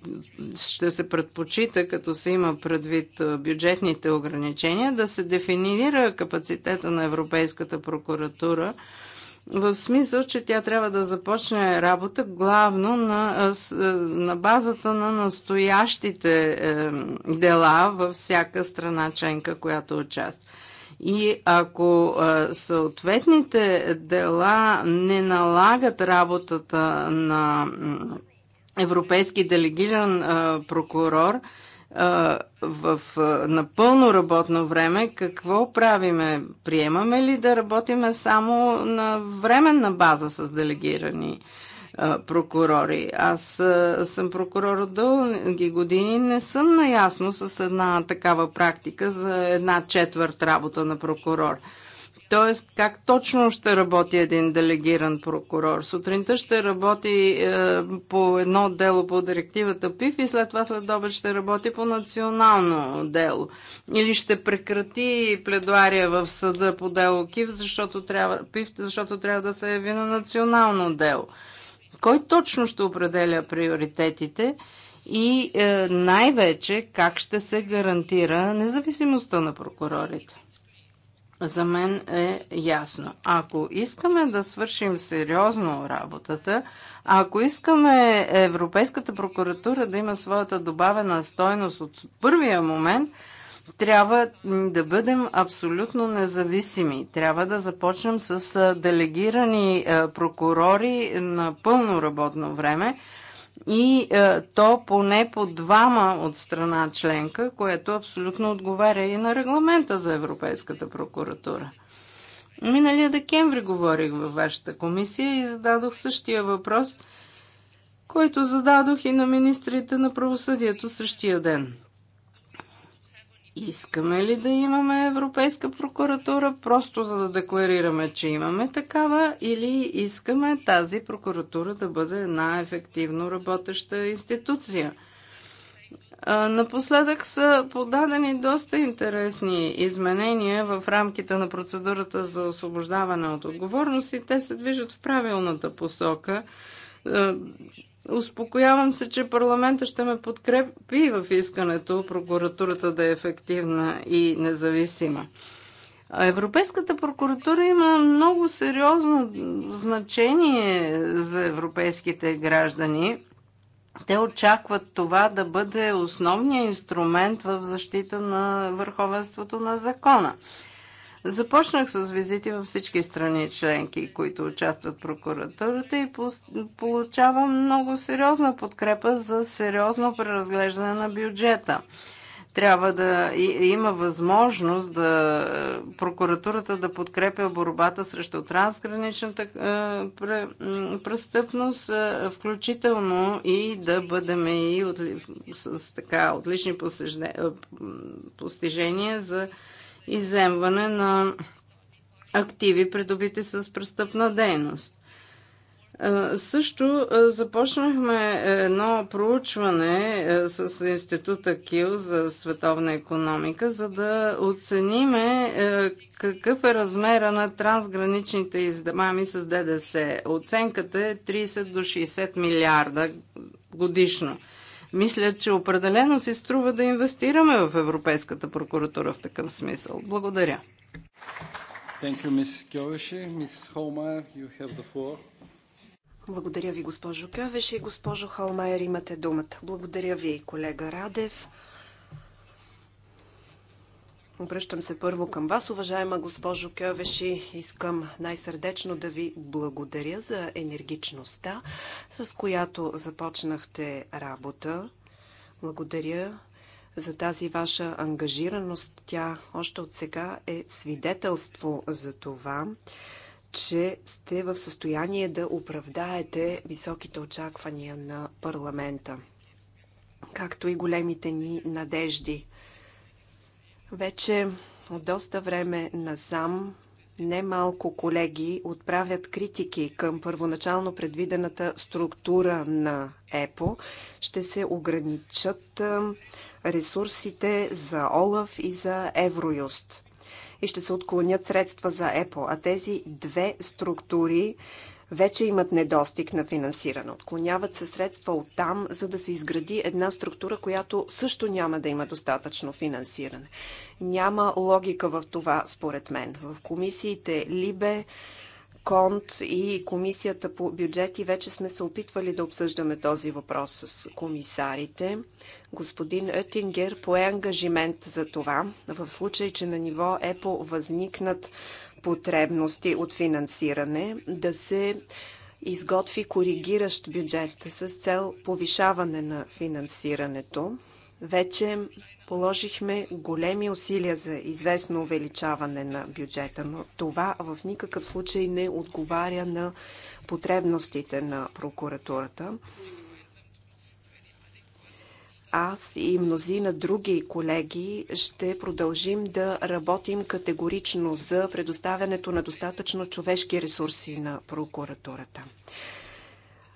ще се предпочита, като се има предвид бюджетните ограничения, да се дефинира капацитета на Европейската прокуратура в смисъл, че тя трябва да започне работа главно на, на базата на настоящите е, дела във всяка страна членка, която участва. И ако съответните дела не налагат работата на европейски делегиран прокурор, в напълно работно време, какво правиме? Приемаме ли да работиме само на временна база с делегирани прокурори. Аз съм прокурор от дълги години. Не съм наясно с една такава практика за една четвърт работа на прокурор. Тоест, как точно ще работи един делегиран прокурор? Сутринта ще работи е, по едно дело по директивата ПИФ и след това след обед ще работи по национално дело. Или ще прекрати пледуария в съда по дело КИФ, защото трябва, ПИФ, защото трябва да се яви на национално дело. Кой точно ще определя приоритетите и е, най-вече как ще се гарантира независимостта на прокурорите? За мен е ясно. Ако искаме да свършим сериозно работата, ако искаме Европейската прокуратура да има своята добавена стойност от първия момент, трябва да бъдем абсолютно независими. Трябва да започнем с делегирани прокурори на пълно работно време и то поне по двама от страна членка, което абсолютно отговаря и на регламента за Европейската прокуратура. Миналия декември говорих във вашата комисия и зададох същия въпрос, който зададох и на министрите на правосъдието същия ден – Искаме ли да имаме Европейска прокуратура, просто за да декларираме, че имаме такава, или искаме тази прокуратура да бъде една ефективно работеща институция? Напоследък са подадени доста интересни изменения в рамките на процедурата за освобождаване от отговорност и те се движат в правилната посока Успокоявам се, че парламента ще ме подкрепи в искането прокуратурата да е ефективна и независима. Европейската прокуратура има много сериозно значение за европейските граждани. Те очакват това да бъде основният инструмент в защита на върховенството на закона. Започнах с визити във всички страни членки, които участват в прокуратурата и получавам много сериозна подкрепа за сериозно преразглеждане на бюджета трябва да има възможност да прокуратурата да подкрепя борбата срещу трансграничната е, престъпност, е, включително и да бъдем и с така отлични постижения за иземване на активи, придобити с престъпна дейност. Също започнахме е, едно проучване е, с Института КИЛ за световна економика, за да оцениме е, какъв е размера на трансграничните издамами с ДДС. Оценката е 30 до 60 милиарда годишно. Мисля, че определено си струва да инвестираме в Европейската прокуратура в такъв смисъл. Благодаря. Благодаря ви, госпожо Кьовеш и госпожо Холмайер, имате думата. Благодаря ви, колега Радев. Обръщам се първо към вас, уважаема госпожо Кьовеши. Искам най-сърдечно да ви благодаря за енергичността, с която започнахте работа. Благодаря за тази ваша ангажираност. Тя още от сега е свидетелство за това, че сте в състояние да оправдаете високите очаквания на парламента, както и големите ни надежди. Вече от доста време насам немалко колеги отправят критики към първоначално предвидената структура на ЕПО. Ще се ограничат ресурсите за ОЛАФ и за Евроюст. И ще се отклонят средства за ЕПО. А тези две структури вече имат недостиг на финансиране. Отклоняват се средства от там, за да се изгради една структура, която също няма да има достатъчно финансиране. Няма логика в това, според мен. В комисиите Либе, Конт и Комисията по бюджети вече сме се опитвали да обсъждаме този въпрос с комисарите. Господин Оттингер пое ангажимент за това, в случай, че на ниво ЕПО възникнат потребности от финансиране, да се изготви коригиращ бюджет с цел повишаване на финансирането. Вече положихме големи усилия за известно увеличаване на бюджета, но това в никакъв случай не отговаря на потребностите на прокуратурата аз и мнозина други колеги ще продължим да работим категорично за предоставянето на достатъчно човешки ресурси на прокуратурата.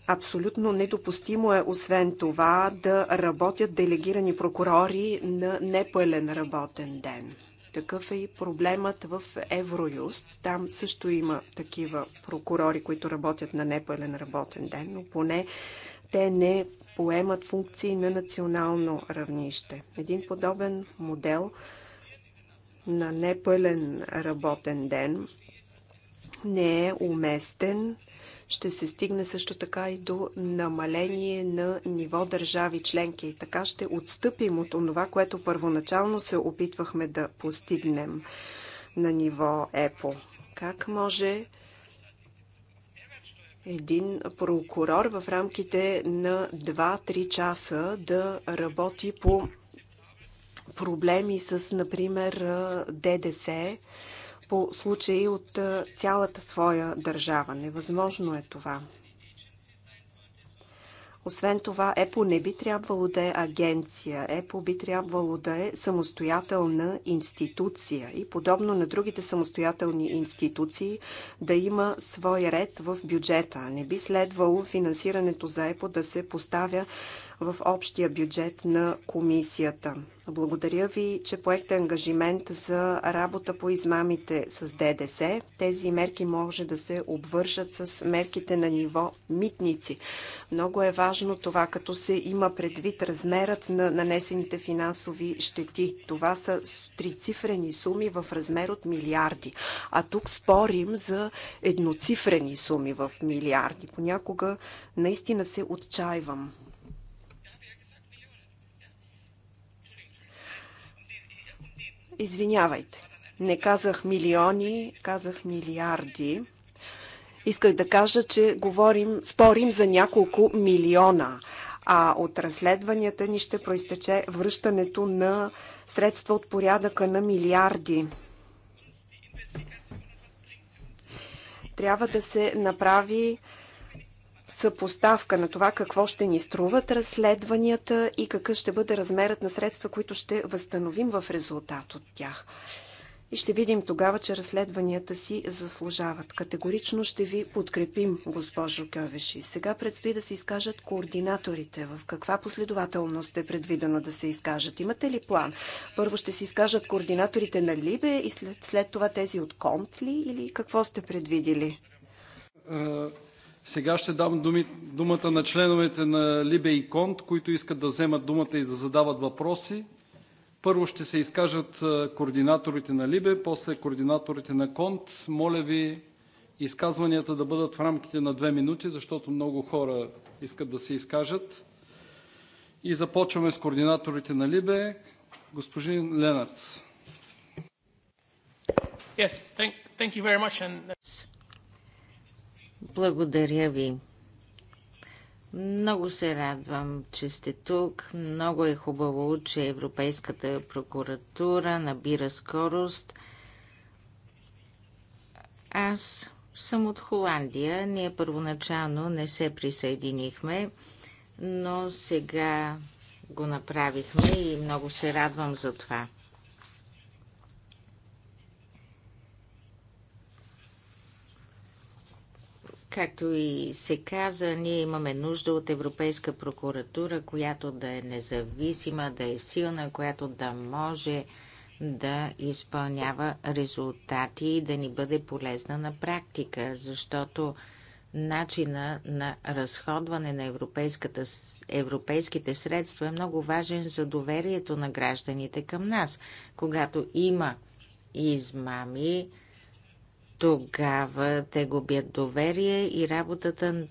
Абсолютно недопустимо е, освен това, да работят делегирани прокурори на непълен работен ден. Такъв е и проблемът в Евроюст. Там също има такива прокурори, които работят на непълен работен ден, но поне те не поемат функции на национално равнище. Един подобен модел на непълен работен ден не е уместен. Ще се стигне също така и до намаление на ниво държави членки. И така ще отстъпим от това, което първоначално се опитвахме да постигнем на ниво ЕПО. Как може един прокурор в рамките на 2-3 часа да работи по проблеми с, например, ДДС по случаи от цялата своя държава. Невъзможно е това. Освен това, ЕПО не би трябвало да е агенция. ЕПО би трябвало да е самостоятелна институция и подобно на другите самостоятелни институции да има свой ред в бюджета. Не би следвало финансирането за ЕПО да се поставя в общия бюджет на комисията. Благодаря ви, че поехте ангажимент за работа по измамите с ДДС. Тези мерки може да се обвържат с мерките на ниво митници. Много е важно това, като се има предвид размерът на нанесените финансови щети. Това са трицифрени суми в размер от милиарди. А тук спорим за едноцифрени суми в милиарди. Понякога наистина се отчаивам. извинявайте. Не казах милиони, казах милиарди. Исках да кажа, че говорим, спорим за няколко милиона, а от разследванията ни ще проистече връщането на средства от порядъка на милиарди. Трябва да се направи съпоставка на това какво ще ни струват разследванията и какъв ще бъде размерът на средства, които ще възстановим в резултат от тях. И ще видим тогава, че разследванията си заслужават. Категорично ще ви подкрепим, госпожо Кьовеши. Сега предстои да се изкажат координаторите. В каква последователност е предвидено да се изкажат? Имате ли план? Първо ще се изкажат координаторите на Либе и след, след това тези от Контли или какво сте предвидили? Е, сега ще дам думата на членовете на Либе и Конт, които искат да вземат думата и да задават въпроси. Първо ще се изкажат координаторите на Либе, после координаторите на Конт. Моля Ви изказванията да бъдат в рамките на две минути, защото много хора искат да се изкажат. И започваме с координаторите на Либе. Господин Ленарц. Yes, thank, thank you very much and... Uh, благодаря ви. Много се радвам, че сте тук. Много е хубаво, че Европейската прокуратура набира скорост. Аз съм от Холандия. Ние първоначално не се присъединихме, но сега го направихме и много се радвам за това. Както и се каза, ние имаме нужда от Европейска прокуратура, която да е независима, да е силна, която да може да изпълнява резултати и да ни бъде полезна на практика, защото начина на разходване на европейските средства е много важен за доверието на гражданите към нас. Когато има измами, тогава те губят доверие и работата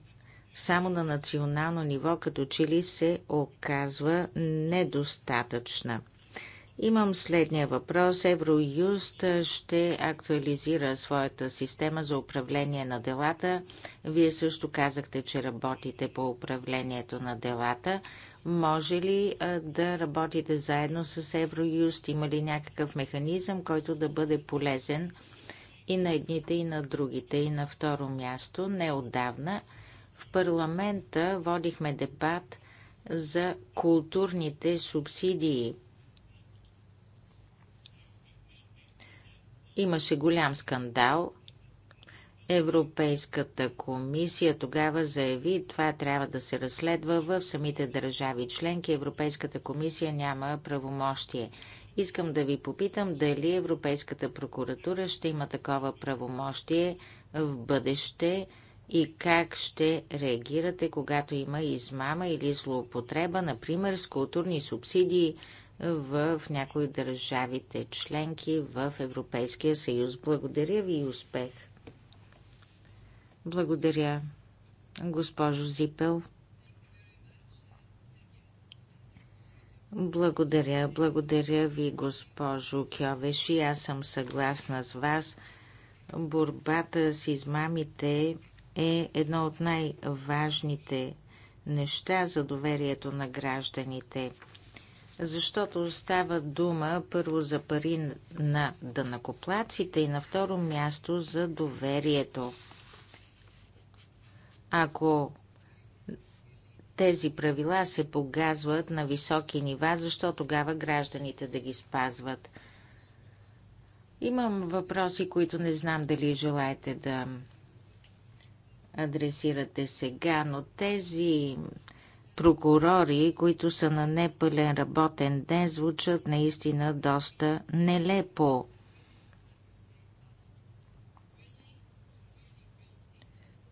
само на национално ниво като че ли се оказва недостатъчна. Имам следния въпрос. Евроюст ще актуализира своята система за управление на делата. Вие също казахте, че работите по управлението на делата. Може ли да работите заедно с Евроюст? Има ли някакъв механизъм, който да бъде полезен? и на едните, и на другите. И на второ място, неодавна в парламента водихме дебат за културните субсидии. Имаше голям скандал. Европейската комисия тогава заяви, това трябва да се разследва в самите държави членки. Европейската комисия няма правомощие. Искам да ви попитам дали Европейската прокуратура ще има такова правомощие в бъдеще и как ще реагирате, когато има измама или злоупотреба, например с културни субсидии в някои държавите членки в Европейския съюз. Благодаря ви и успех! Благодаря, госпожо Зипел. Благодаря, благодаря ви, госпожо Кьовеш и Аз съм съгласна с вас. Борбата с измамите е едно от най-важните неща за доверието на гражданите. Защото става дума първо за пари на дънакоплаците и на второ място за доверието. Ако тези правила се погазват на високи нива, защо тогава гражданите да ги спазват? Имам въпроси, които не знам дали желаете да адресирате сега, но тези прокурори, които са на непълен работен ден, звучат наистина доста нелепо.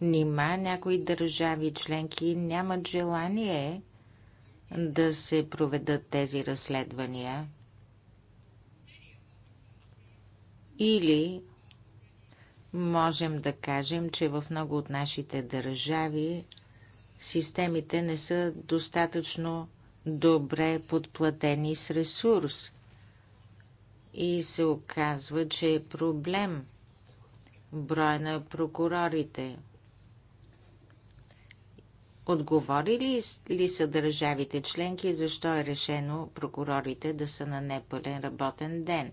Нима някои държави членки нямат желание да се проведат тези разследвания? Или можем да кажем, че в много от нашите държави системите не са достатъчно добре подплатени с ресурс и се оказва, че е проблем броя на прокурорите – Отговорили ли са държавите членки, защо е решено прокурорите да са на непълен работен ден?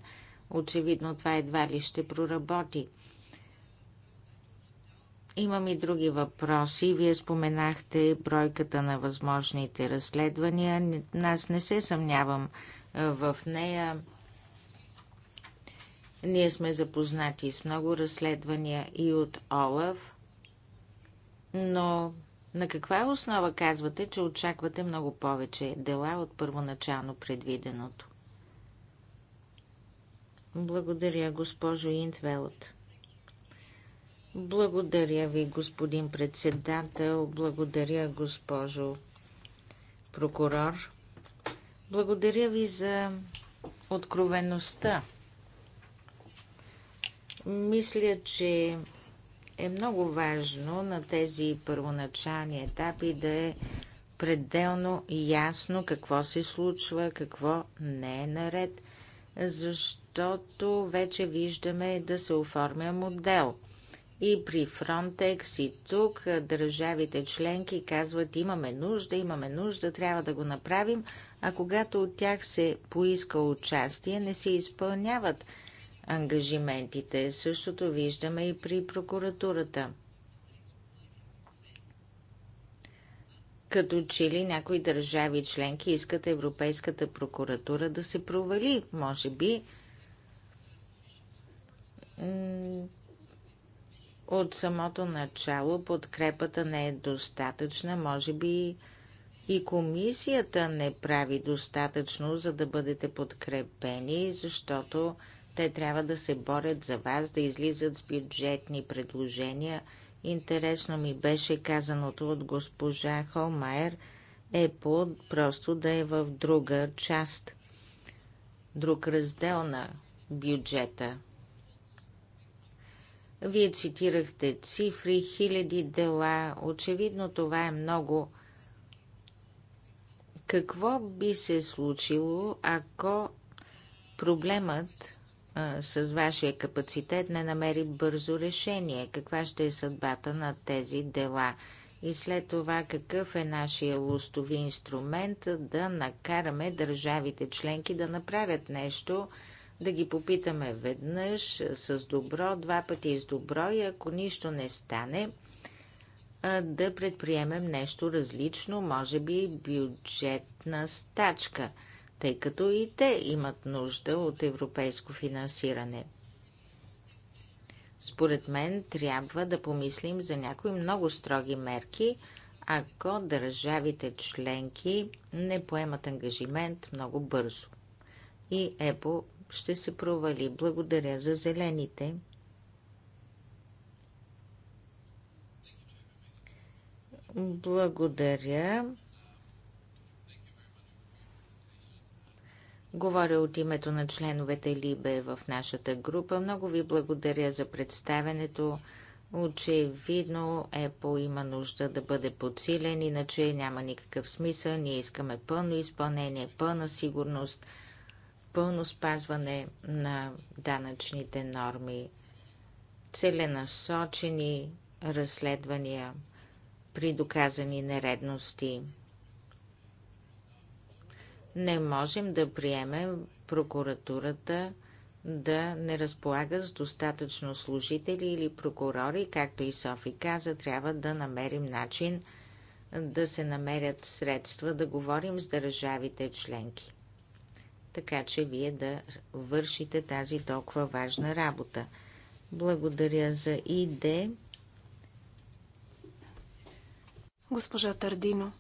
Очевидно това едва ли ще проработи. Имам и други въпроси. Вие споменахте бройката на възможните разследвания. Аз не се съмнявам в нея. Ние сме запознати с много разследвания и от Олаф, но на каква основа казвате, че очаквате много повече дела от първоначално предвиденото? Благодаря, госпожо Интвелт. Благодаря ви, господин председател. Благодаря, госпожо прокурор. Благодаря ви за откровеността. Мисля, че е много важно на тези първоначални етапи да е пределно ясно какво се случва, какво не е наред, защото вече виждаме да се оформя модел. И при Frontex и тук държавите членки казват имаме нужда, имаме нужда, трябва да го направим, а когато от тях се поиска участие, не се изпълняват ангажиментите. Същото виждаме и при прокуратурата. Като че ли някои държави членки искат Европейската прокуратура да се провали, може би от самото начало подкрепата не е достатъчна, може би и комисията не прави достатъчно, за да бъдете подкрепени, защото те трябва да се борят за вас, да излизат с бюджетни предложения. Интересно ми беше казаното от госпожа Холмайер е, по просто да е в друга част, друг раздел на бюджета. Вие цитирахте цифри, хиляди дела. Очевидно това е много. Какво би се случило, ако проблемът а, с вашия капацитет не намери бързо решение? Каква ще е съдбата на тези дела? И след това какъв е нашия лустови инструмент да накараме държавите членки да направят нещо, да ги попитаме веднъж с добро, два пъти с добро и ако нищо не стане, да предприемем нещо различно, може би бюджетна стачка – тъй като и те имат нужда от европейско финансиране. Според мен трябва да помислим за някои много строги мерки, ако държавите членки не поемат ангажимент много бързо. И ЕПО ще се провали. Благодаря за зелените. Благодаря. Говоря от името на членовете Либе в нашата група. Много ви благодаря за представенето. Очевидно Apple е има нужда да бъде подсилен, иначе няма никакъв смисъл. Ние искаме пълно изпълнение, пълна сигурност, пълно спазване на данъчните норми, целенасочени разследвания при доказани нередности. Не можем да приемем прокуратурата да не разполага с достатъчно служители или прокурори, както и Софи каза, трябва да намерим начин да се намерят средства да говорим с държавите членки. Така че вие да вършите тази толкова важна работа. Благодаря за иде. Госпожа Тардино,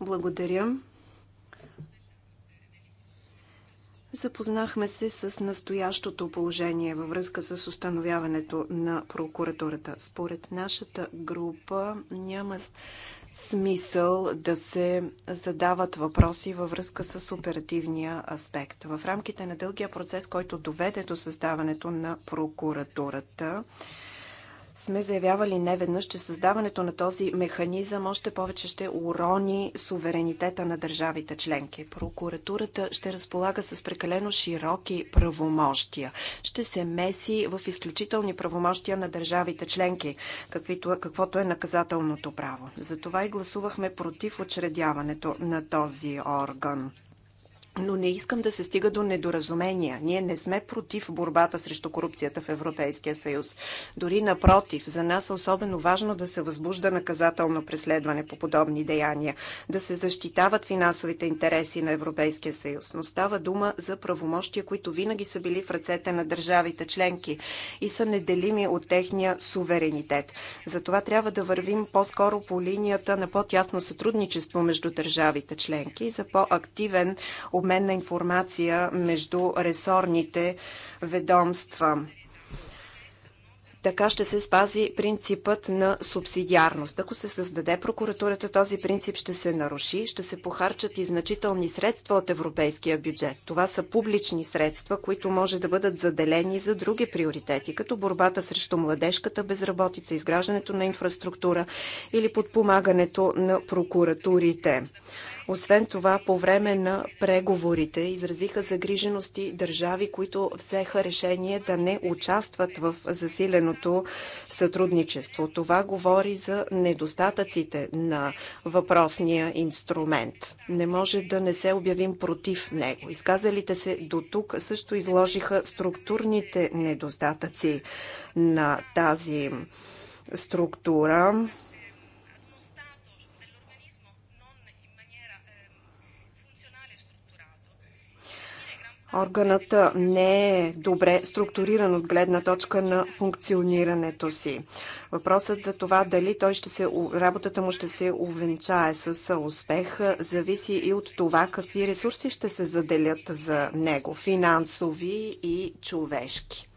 благодаря. Запознахме се с настоящото положение във връзка с установяването на прокуратурата. Според нашата група няма смисъл да се задават въпроси във връзка с оперативния аспект. В рамките на дългия процес, който доведе до създаването на прокуратурата, сме заявявали неведнъж, че създаването на този механизъм още повече ще урони суверенитета на държавите членки. Прокуратурата ще разполага с прекалено широки правомощия. Ще се меси в изключителни правомощия на държавите членки, каквито, каквото е наказателното право. Затова и гласувахме против отчредяването на този орган но не искам да се стига до недоразумения. Ние не сме против борбата срещу корупцията в Европейския съюз. Дори напротив, за нас е особено важно да се възбужда наказателно преследване по подобни деяния, да се защитават финансовите интереси на Европейския съюз. Но става дума за правомощия, които винаги са били в ръцете на държавите членки и са неделими от техния суверенитет. Затова трябва да вървим по-скоро по линията на по-тясно сътрудничество между държавите членки за по-активен обмен на информация между ресорните ведомства. Така ще се спази принципът на субсидиарност. Ако се създаде прокуратурата, този принцип ще се наруши, ще се похарчат и значителни средства от европейския бюджет. Това са публични средства, които може да бъдат заделени за други приоритети, като борбата срещу младежката безработица, изграждането на инфраструктура или подпомагането на прокуратурите. Освен това, по време на преговорите изразиха загрижености държави, които взеха решение да не участват в засиленото сътрудничество. Това говори за недостатъците на въпросния инструмент. Не може да не се обявим против него. Изказалите се до тук също изложиха структурните недостатъци на тази структура. Органът не е добре структуриран от гледна точка на функционирането си. Въпросът за това дали той ще се, работата му ще се увенчае с успех зависи и от това какви ресурси ще се заделят за него финансови и човешки.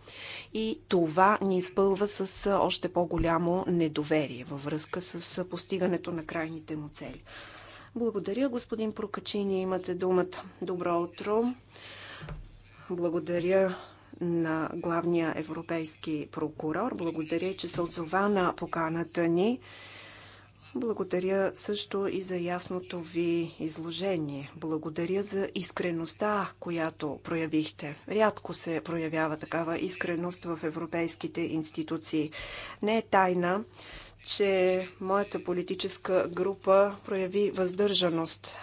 И това ни изпълва с още по-голямо недоверие във връзка с постигането на крайните му цели. Благодаря, господин Прокачини. Имате думата. Добро утро. Благодаря на главния европейски прокурор. Благодаря, че се отзова на поканата ни. Благодаря също и за ясното ви изложение. Благодаря за искреността, която проявихте. Рядко се проявява такава искреност в европейските институции. Не е тайна, че моята политическа група прояви въздържаност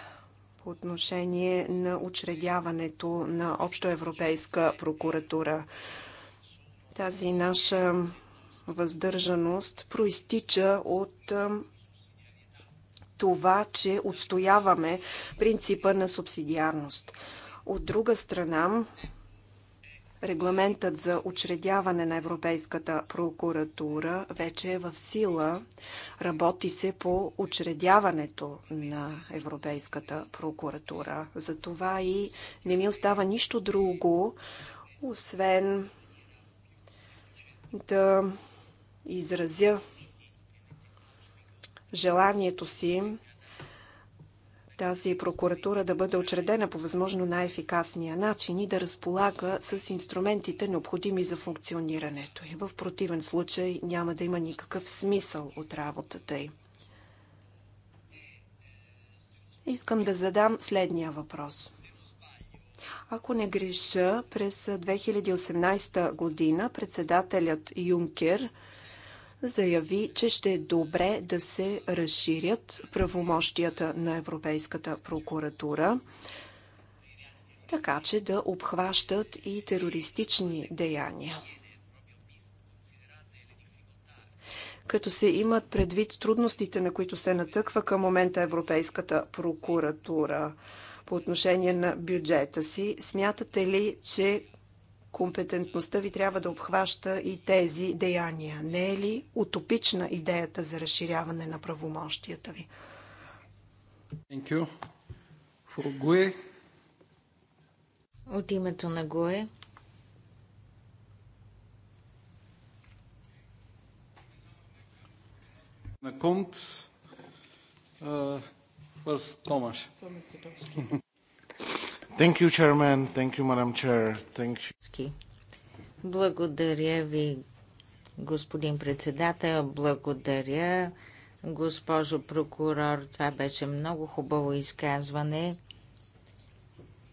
по отношение на учредяването на Общоевропейска прокуратура. Тази наша въздържаност проистича от това, че отстояваме принципа на субсидиарност. От друга страна, Регламентът за учредяване на Европейската прокуратура вече е в сила. Работи се по учредяването на Европейската прокуратура. Затова и не ми остава нищо друго, освен да изразя желанието си тази прокуратура да бъде учредена по възможно най-ефикасния начин и да разполага с инструментите необходими за функционирането й. В противен случай няма да има никакъв смисъл от работата й. Искам да задам следния въпрос. Ако не греша, през 2018 година председателят Юнкер – заяви, че ще е добре да се разширят правомощията на Европейската прокуратура, така че да обхващат и терористични деяния. като се имат предвид трудностите, на които се натъква към момента Европейската прокуратура по отношение на бюджета си, смятате ли, че компетентността ви трябва да обхваща и тези деяния. Не е ли утопична идеята за разширяване на правомощията ви? От името на Гуе. На Кунт. Пърс Томаш. Thank you, Chairman. Thank you, Madam Chair. Thank you. Благодаря ви, господин председател. Благодаря, госпожо прокурор. Това беше много хубаво изказване.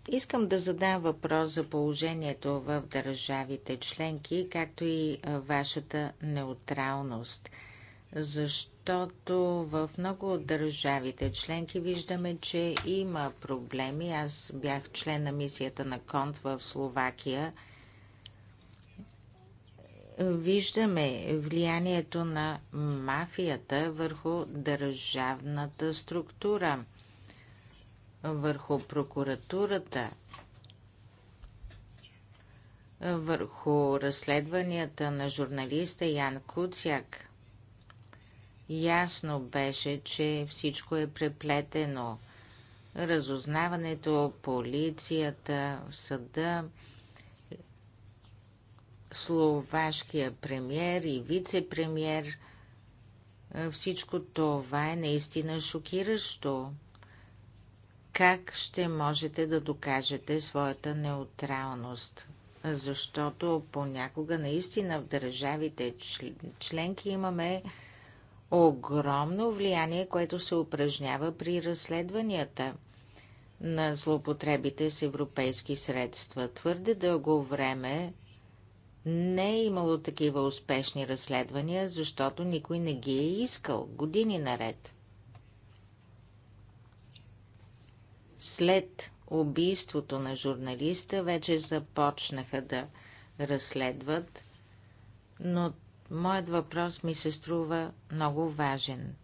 Искам да задам въпрос за положението в държавите членки, както и вашата неутралност – защото в много от държавите членки виждаме, че има проблеми. Аз бях член на мисията на Конт в Словакия. Виждаме влиянието на мафията върху държавната структура, върху прокуратурата, върху разследванията на журналиста Ян Куцяк – Ясно беше, че всичко е преплетено. Разузнаването, полицията, съда, словашкия премьер и вице-премьер. Всичко това е наистина шокиращо. Как ще можете да докажете своята неутралност? Защото понякога наистина в държавите членки имаме огромно влияние, което се упражнява при разследванията на злоупотребите с европейски средства. Твърде дълго време не е имало такива успешни разследвания, защото никой не ги е искал години наред. След убийството на журналиста вече започнаха да разследват, но Моят въпрос ми се струва много важен.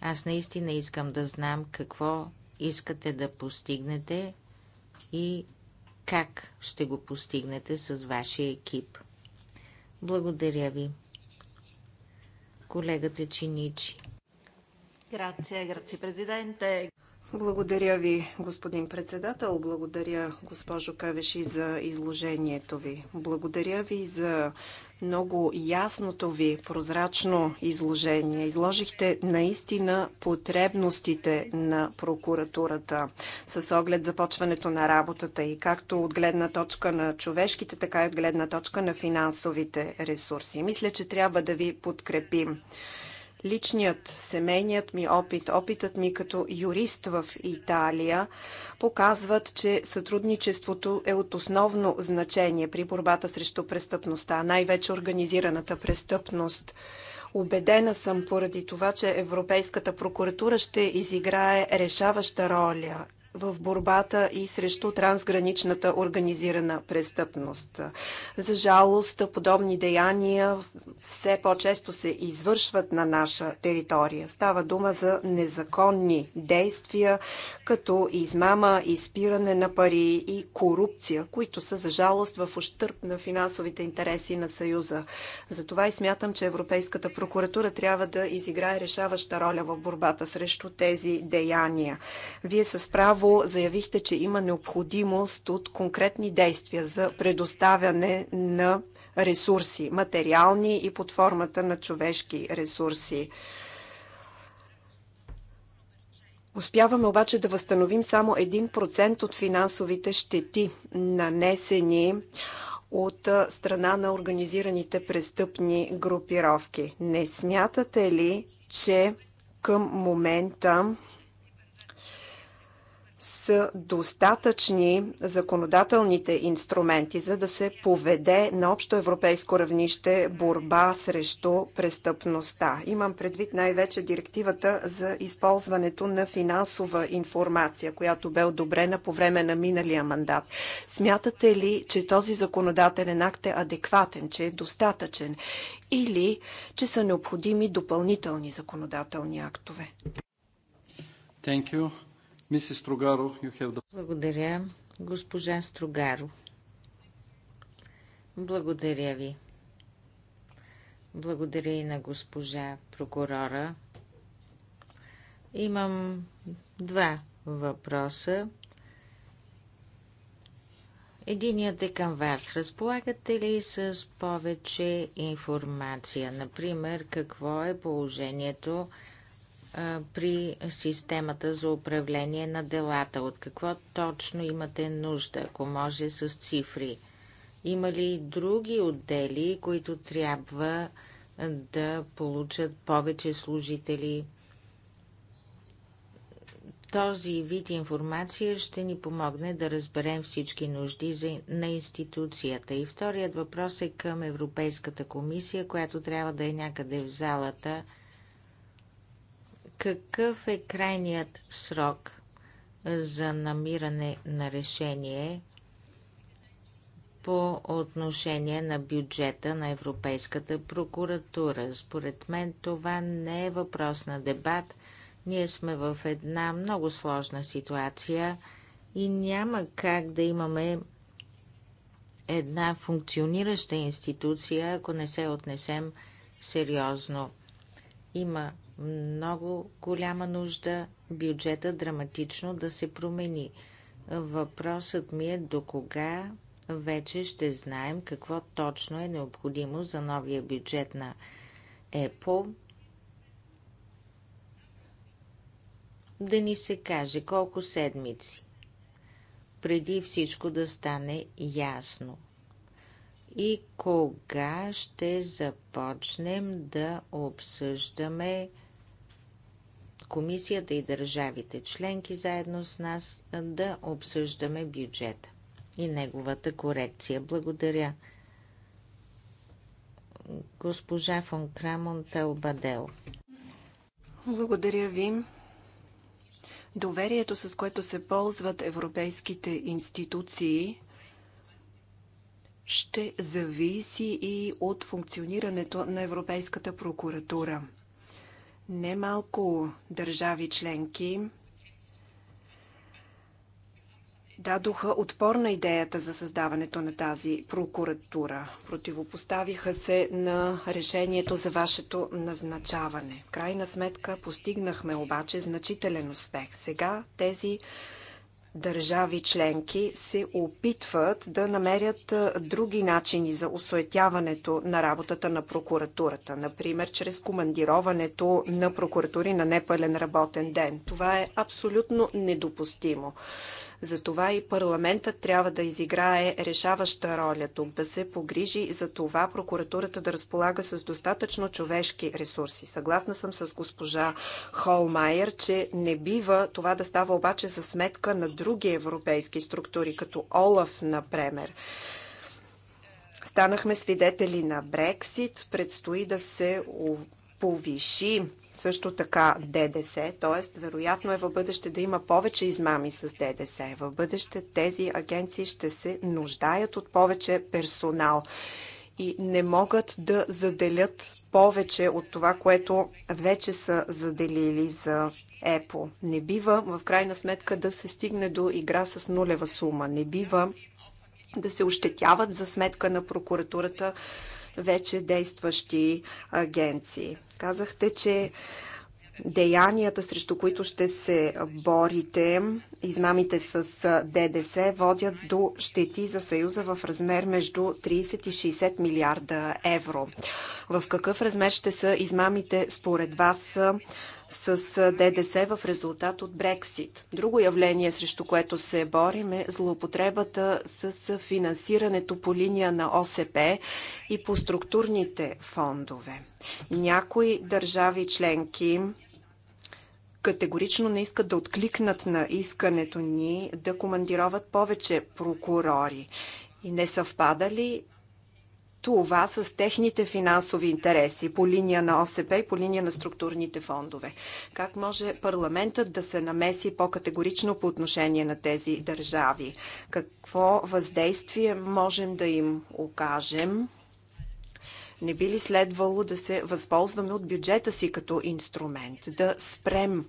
Аз наистина искам да знам какво искате да постигнете и как ще го постигнете с вашия екип. Благодаря ви. Колегата Чиничи. Грация, грация, президенте. Благодаря ви, господин председател. Благодаря, госпожо Кавеши, за изложението ви. Благодаря ви за много ясното ви, прозрачно изложение. Изложихте наистина потребностите на прокуратурата с оглед започването на работата и както от гледна точка на човешките, така и от гледна точка на финансовите ресурси. Мисля, че трябва да ви подкрепим личният, семейният ми опит, опитът ми като юрист в Италия показват, че сътрудничеството е от основно значение при борбата срещу престъпността, най-вече организираната престъпност. Убедена съм поради това, че Европейската прокуратура ще изиграе решаваща роля в борбата и срещу трансграничната организирана престъпност. За жалост, подобни деяния все по-често се извършват на наша територия. Става дума за незаконни действия, като измама, изпиране на пари и корупция, които са за жалост в ощърп на финансовите интереси на Съюза. Затова и смятам, че Европейската прокуратура трябва да изиграе решаваща роля в борбата срещу тези деяния. Вие с право отново заявихте, че има необходимост от конкретни действия за предоставяне на ресурси, материални и под формата на човешки ресурси. Успяваме обаче да възстановим само 1% от финансовите щети, нанесени от страна на организираните престъпни групировки. Не смятате ли, че към момента са достатъчни законодателните инструменти, за да се поведе на общо европейско равнище борба срещу престъпността. Имам предвид най-вече директивата за използването на финансова информация, която бе одобрена по време на миналия мандат. Смятате ли, че този законодателен акт е адекватен, че е достатъчен или че са необходими допълнителни законодателни актове? Thank you. Миси Строгаро, the... Благодаря, госпожа Строгаро. Благодаря ви. Благодаря и на госпожа прокурора. Имам два въпроса. Единият е към вас. Разполагате ли с повече информация? Например, какво е положението при системата за управление на делата? От какво точно имате нужда, ако може с цифри? Има ли други отдели, които трябва да получат повече служители? Този вид информация ще ни помогне да разберем всички нужди на институцията. И вторият въпрос е към Европейската комисия, която трябва да е някъде в залата – какъв е крайният срок за намиране на решение по отношение на бюджета на Европейската прокуратура? Според мен това не е въпрос на дебат. Ние сме в една много сложна ситуация и няма как да имаме една функционираща институция, ако не се отнесем сериозно. Има много голяма нужда бюджета драматично да се промени. Въпросът ми е до кога вече ще знаем какво точно е необходимо за новия бюджет на ЕПО. Да ни се каже колко седмици, преди всичко да стане ясно. И кога ще започнем да обсъждаме комисията и държавите членки заедно с нас да обсъждаме бюджета и неговата корекция. Благодаря. Госпожа фон Крамон Телбадел. Благодаря ви. Доверието, с което се ползват европейските институции, ще зависи и от функционирането на Европейската прокуратура – Немалко държави членки дадоха отпор на идеята за създаването на тази прокуратура. Противопоставиха се на решението за вашето назначаване. В крайна сметка постигнахме обаче значителен успех. Сега тези държави членки се опитват да намерят други начини за осуетяването на работата на прокуратурата, например чрез командироването на прокуратури на непълен работен ден. Това е абсолютно недопустимо. Затова и парламентът трябва да изиграе решаваща роля тук, да се погрижи за това прокуратурата да разполага с достатъчно човешки ресурси. Съгласна съм с госпожа Холмайер, че не бива това да става обаче за сметка на други европейски структури, като ОЛАФ, например. Станахме свидетели на Брексит, предстои да се повиши също така ДДС, т.е. вероятно е в бъдеще да има повече измами с ДДС. В бъдеще тези агенции ще се нуждаят от повече персонал и не могат да заделят повече от това, което вече са заделили за ЕПО. Не бива в крайна сметка да се стигне до игра с нулева сума. Не бива да се ощетяват за сметка на прокуратурата вече действащи агенции. Казахте, че деянията, срещу които ще се борите, измамите с ДДС, водят до щети за Съюза в размер между 30 и 60 милиарда евро. В какъв размер ще са измамите според вас с ДДС в резултат от Брексит. Друго явление, срещу което се борим е злоупотребата с финансирането по линия на ОСП и по структурните фондове. Някои държави членки категорично не искат да откликнат на искането ни да командироват повече прокурори. И не съвпада ли това с техните финансови интереси по линия на ОСП и по линия на структурните фондове. Как може парламентът да се намеси по-категорично по отношение на тези държави? Какво въздействие можем да им окажем? Не би ли следвало да се възползваме от бюджета си като инструмент, да спрем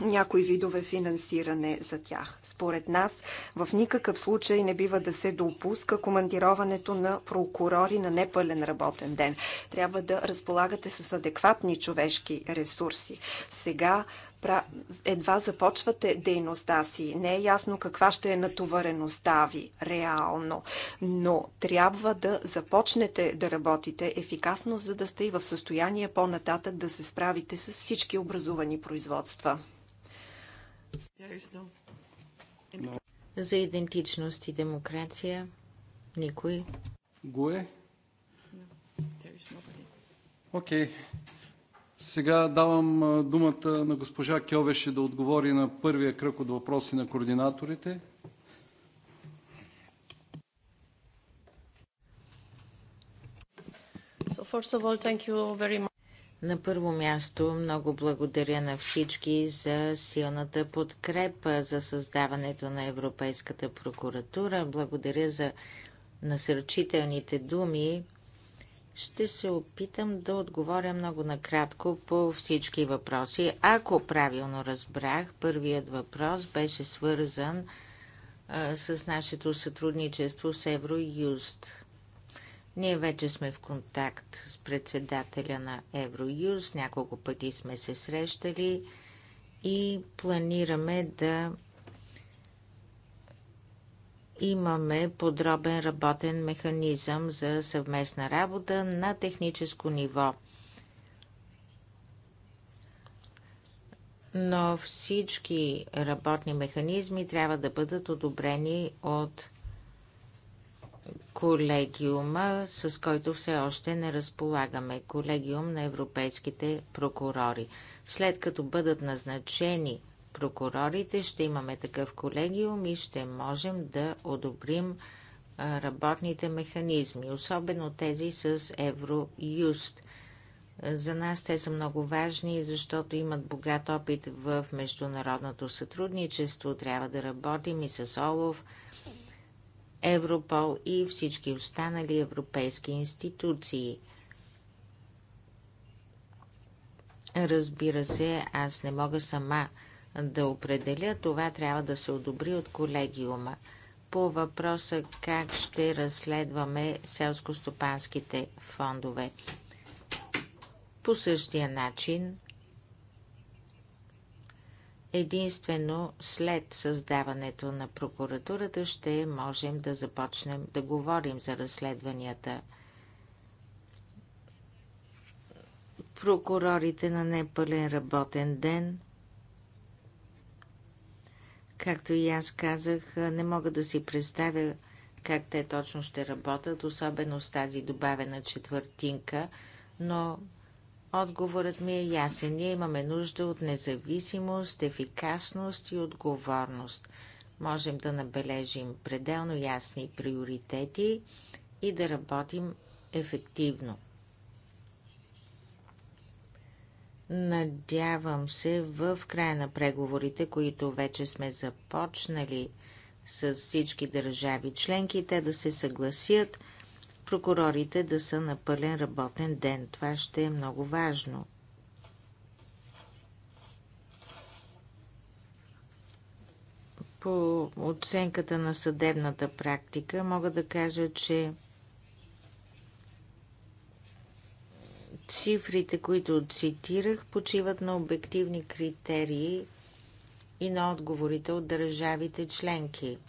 някои видове финансиране за тях. Според нас в никакъв случай не бива да се допуска командироването на прокурори на непълен работен ден. Трябва да разполагате с адекватни човешки ресурси. Сега едва започвате дейността си. Не е ясно каква ще е натовареността ви реално, но трябва да започнете да работите ефикасно, за да сте и в състояние по-нататък да се справите с всички образувани производства. За идентичност и демокрация никой. Гуе? Окей. Сега давам думата на госпожа Кьовеше да отговори на първия кръг от въпроси на координаторите. So first of all, thank you very much. На първо място много благодаря на всички за силната подкрепа за създаването на Европейската прокуратура. Благодаря за насърчителните думи. Ще се опитам да отговоря много накратко по всички въпроси. Ако правилно разбрах, първият въпрос беше свързан а, с нашето сътрудничество с Евроюст. Ние вече сме в контакт с председателя на Евроюз, няколко пъти сме се срещали и планираме да имаме подробен работен механизъм за съвместна работа на техническо ниво. Но всички работни механизми трябва да бъдат одобрени от колегиума, с който все още не разполагаме колегиум на европейските прокурори. След като бъдат назначени прокурорите, ще имаме такъв колегиум и ще можем да одобрим работните механизми, особено тези с Евроюст. За нас те са много важни, защото имат богат опит в международното сътрудничество. Трябва да работим и с Олов, Европол и всички останали европейски институции. Разбира се, аз не мога сама да определя, това трябва да се одобри от колегиума. По въпроса как ще разследваме селско-стопанските фондове. По същия начин Единствено след създаването на прокуратурата ще можем да започнем да говорим за разследванията. Прокурорите на непълен работен ден, както и аз казах, не мога да си представя как те точно ще работят, особено с тази добавена четвъртинка, но Отговорът ми е ясен. Ние имаме нужда от независимост, ефикасност и отговорност. Можем да набележим пределно ясни приоритети и да работим ефективно. Надявам се в края на преговорите, които вече сме започнали с всички държави членки, те да се съгласят – прокурорите да са на пълен работен ден. Това ще е много важно. По оценката на съдебната практика мога да кажа, че цифрите, които цитирах, почиват на обективни критерии и на отговорите от държавите членки –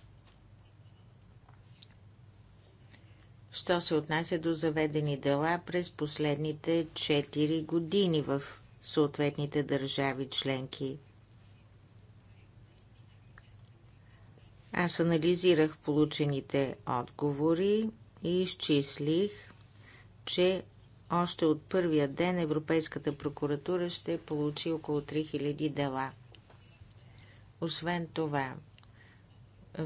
що се отнася до заведени дела през последните 4 години в съответните държави членки. Аз анализирах получените отговори и изчислих, че още от първия ден Европейската прокуратура ще получи около 3000 дела. Освен това,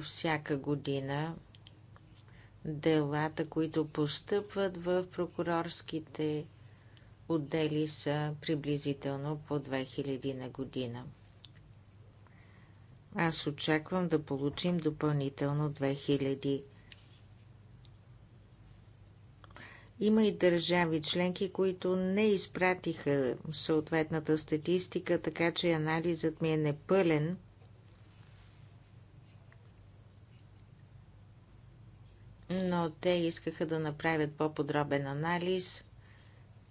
всяка година делата, които постъпват в прокурорските отдели са приблизително по 2000 на година. Аз очаквам да получим допълнително 2000. Има и държави членки, които не изпратиха съответната статистика, така че анализът ми е непълен – но те искаха да направят по-подробен анализ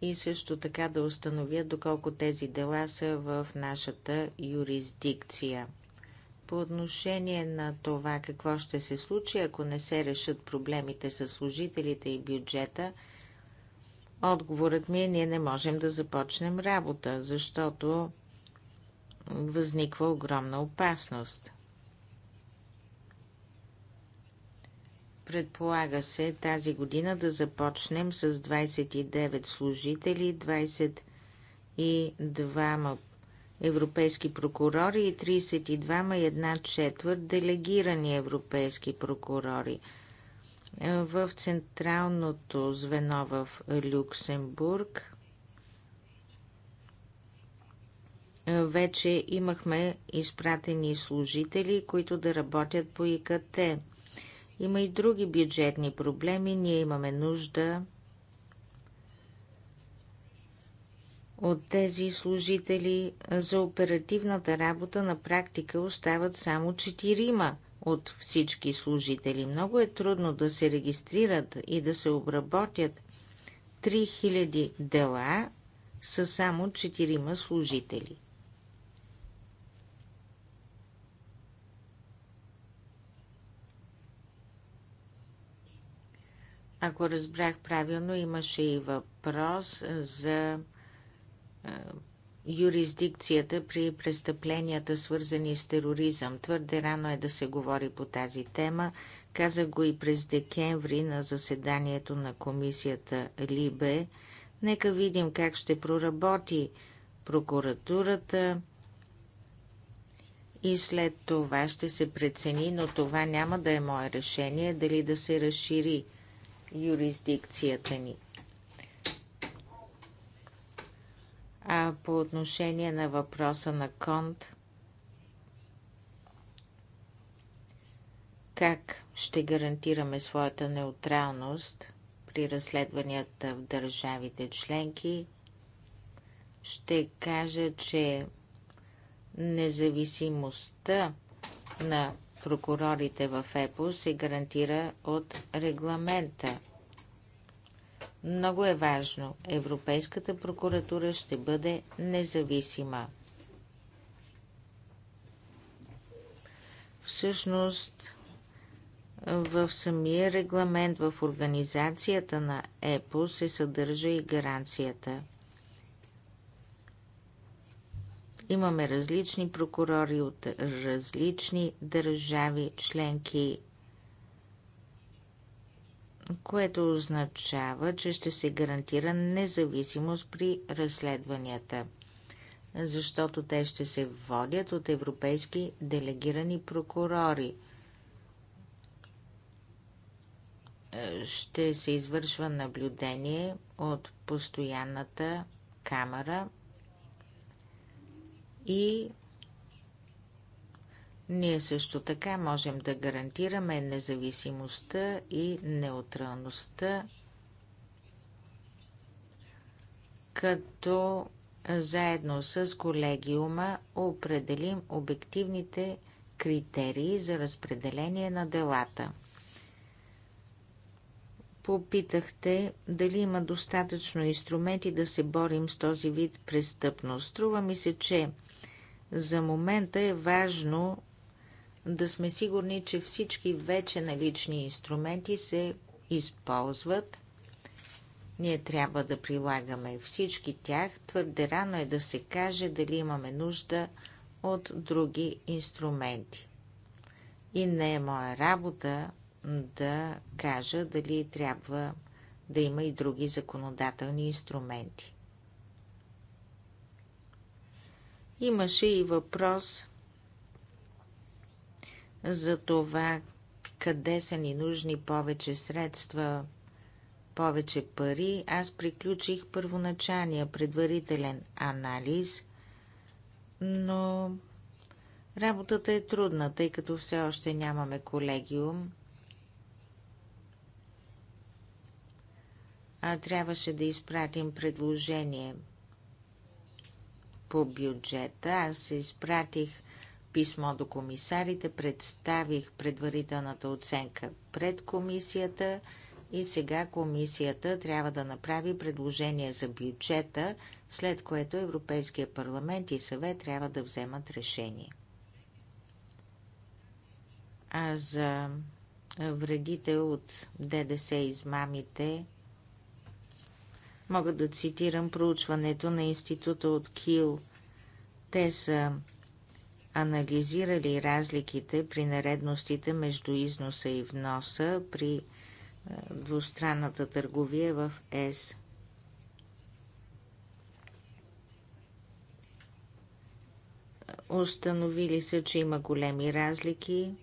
и също така да установят доколко тези дела са в нашата юрисдикция. По отношение на това какво ще се случи, ако не се решат проблемите с служителите и бюджета, отговорът ми е, ние не можем да започнем работа, защото възниква огромна опасност. Предполага се тази година да започнем с 29 служители, 22 европейски прокурори и 32 и една четвърт делегирани европейски прокурори. В централното звено в Люксембург вече имахме изпратени служители, които да работят по ИКТ. Има и други бюджетни проблеми. Ние имаме нужда от тези служители за оперативната работа на практика остават само четирима от всички служители. Много е трудно да се регистрират и да се обработят 3000 дела са само четирима служители. Ако разбрах правилно, имаше и въпрос за юрисдикцията при престъпленията, свързани с тероризъм. Твърде рано е да се говори по тази тема. Каза го и през декември на заседанието на комисията Либе. Нека видим как ще проработи прокуратурата и след това ще се прецени, но това няма да е мое решение дали да се разшири юрисдикцията ни. А по отношение на въпроса на Конт, как ще гарантираме своята неутралност при разследванията в държавите членки, ще кажа, че независимостта на прокурорите в ЕПО се гарантира от регламента. Много е важно. Европейската прокуратура ще бъде независима. Всъщност, в самия регламент в организацията на ЕПО се съдържа и гаранцията – Имаме различни прокурори от различни държави членки, което означава, че ще се гарантира независимост при разследванията, защото те ще се водят от европейски делегирани прокурори. Ще се извършва наблюдение от постоянната камера и ние също така можем да гарантираме независимостта и неутралността, като заедно с колегиума определим обективните критерии за разпределение на делата. Попитахте дали има достатъчно инструменти да се борим с този вид престъпност. Струва ми се, че за момента е важно да сме сигурни, че всички вече налични инструменти се използват. Ние трябва да прилагаме всички тях. Твърде рано е да се каже дали имаме нужда от други инструменти. И не е моя работа да кажа дали трябва да има и други законодателни инструменти. Имаше и въпрос за това къде са ни нужни повече средства, повече пари. Аз приключих първоначалния предварителен анализ, но работата е трудна, тъй като все още нямаме колегиум. А трябваше да изпратим предложение по бюджета. Аз изпратих писмо до комисарите, представих предварителната оценка пред комисията и сега комисията трябва да направи предложение за бюджета, след което Европейския парламент и съвет трябва да вземат решение. А за вредите от ДДС измамите Мога да цитирам проучването на института от Кил. Те са анализирали разликите при наредностите между износа и вноса при е, двустранната търговия в ЕС. Установили се, че има големи разлики,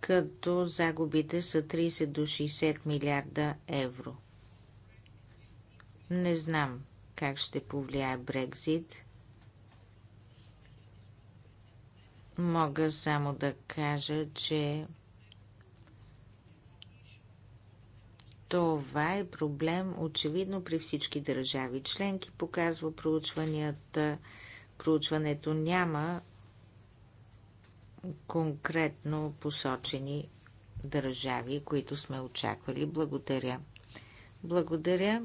като загубите са 30 до 60 милиарда евро – не знам как ще повлияе Брекзит. Мога само да кажа, че Това е проблем очевидно при всички държави. Членки показва проучванията. Проучването няма конкретно посочени държави, които сме очаквали. Благодаря. Благодаря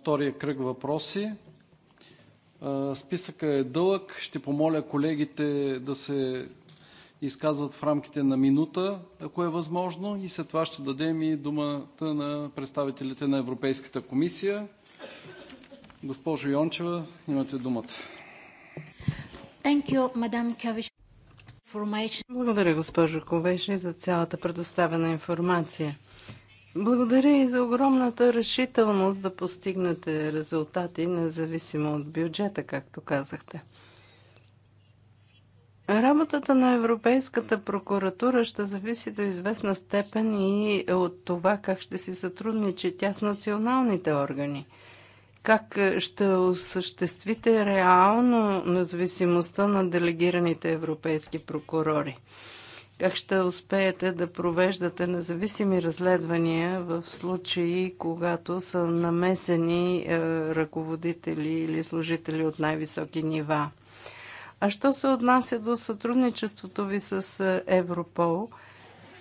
втория кръг въпроси. Списъкът е дълъг. Ще помоля колегите да се изказват в рамките на минута, ако е възможно, и след това ще дадем и думата на представителите на Европейската комисия. Госпожо Йончева, имате думата. Благодаря, госпожо Ковешни, за цялата предоставена информация. Благодаря и за огромната решителност да постигнете резултати, независимо от бюджета, както казахте. Работата на Европейската прокуратура ще зависи до известна степен и от това как ще си сътрудничи тя с националните органи. Как е, ще осъществите реално независимостта на делегираните европейски прокурори? как ще успеете да провеждате независими разследвания в случаи, когато са намесени е, ръководители или служители от най-високи нива. А що се отнася до сътрудничеството ви с е, Европол,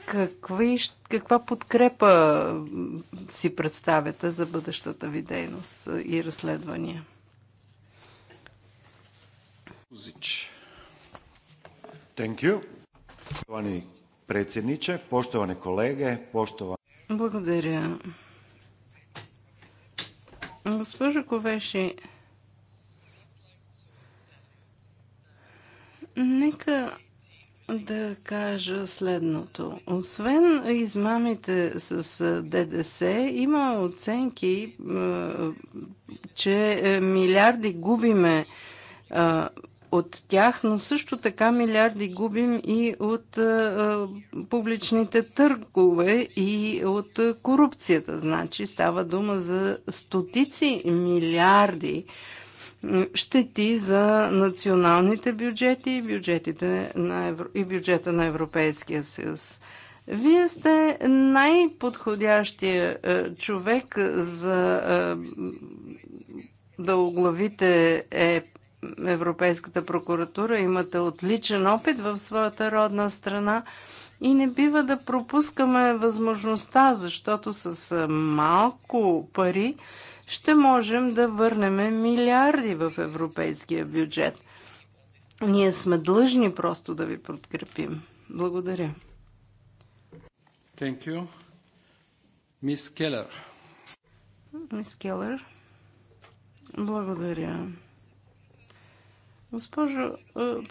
какви, каква подкрепа си представяте за бъдещата ви дейност е, и разследвания? Thank you. Благодаря. Госпожо Ковеши, нека да кажа следното. Освен измамите с ДДС, има оценки, че е, милиарди губиме от тях, но също така милиарди губим и от а, публичните търгове и от а, корупцията. Значи става дума за стотици милиарди щети за националните бюджети и, бюджетите на Евро... и бюджета на Европейския съюз. Вие сте най-подходящия човек за да оглавите е Европейската прокуратура. Имате отличен опит в своята родна страна и не бива да пропускаме възможността, защото с малко пари ще можем да върнем милиарди в европейския бюджет. Ние сме длъжни просто да ви подкрепим. Благодаря. Thank you. Мис Келър. Мис Келър. Благодаря. Госпожо е,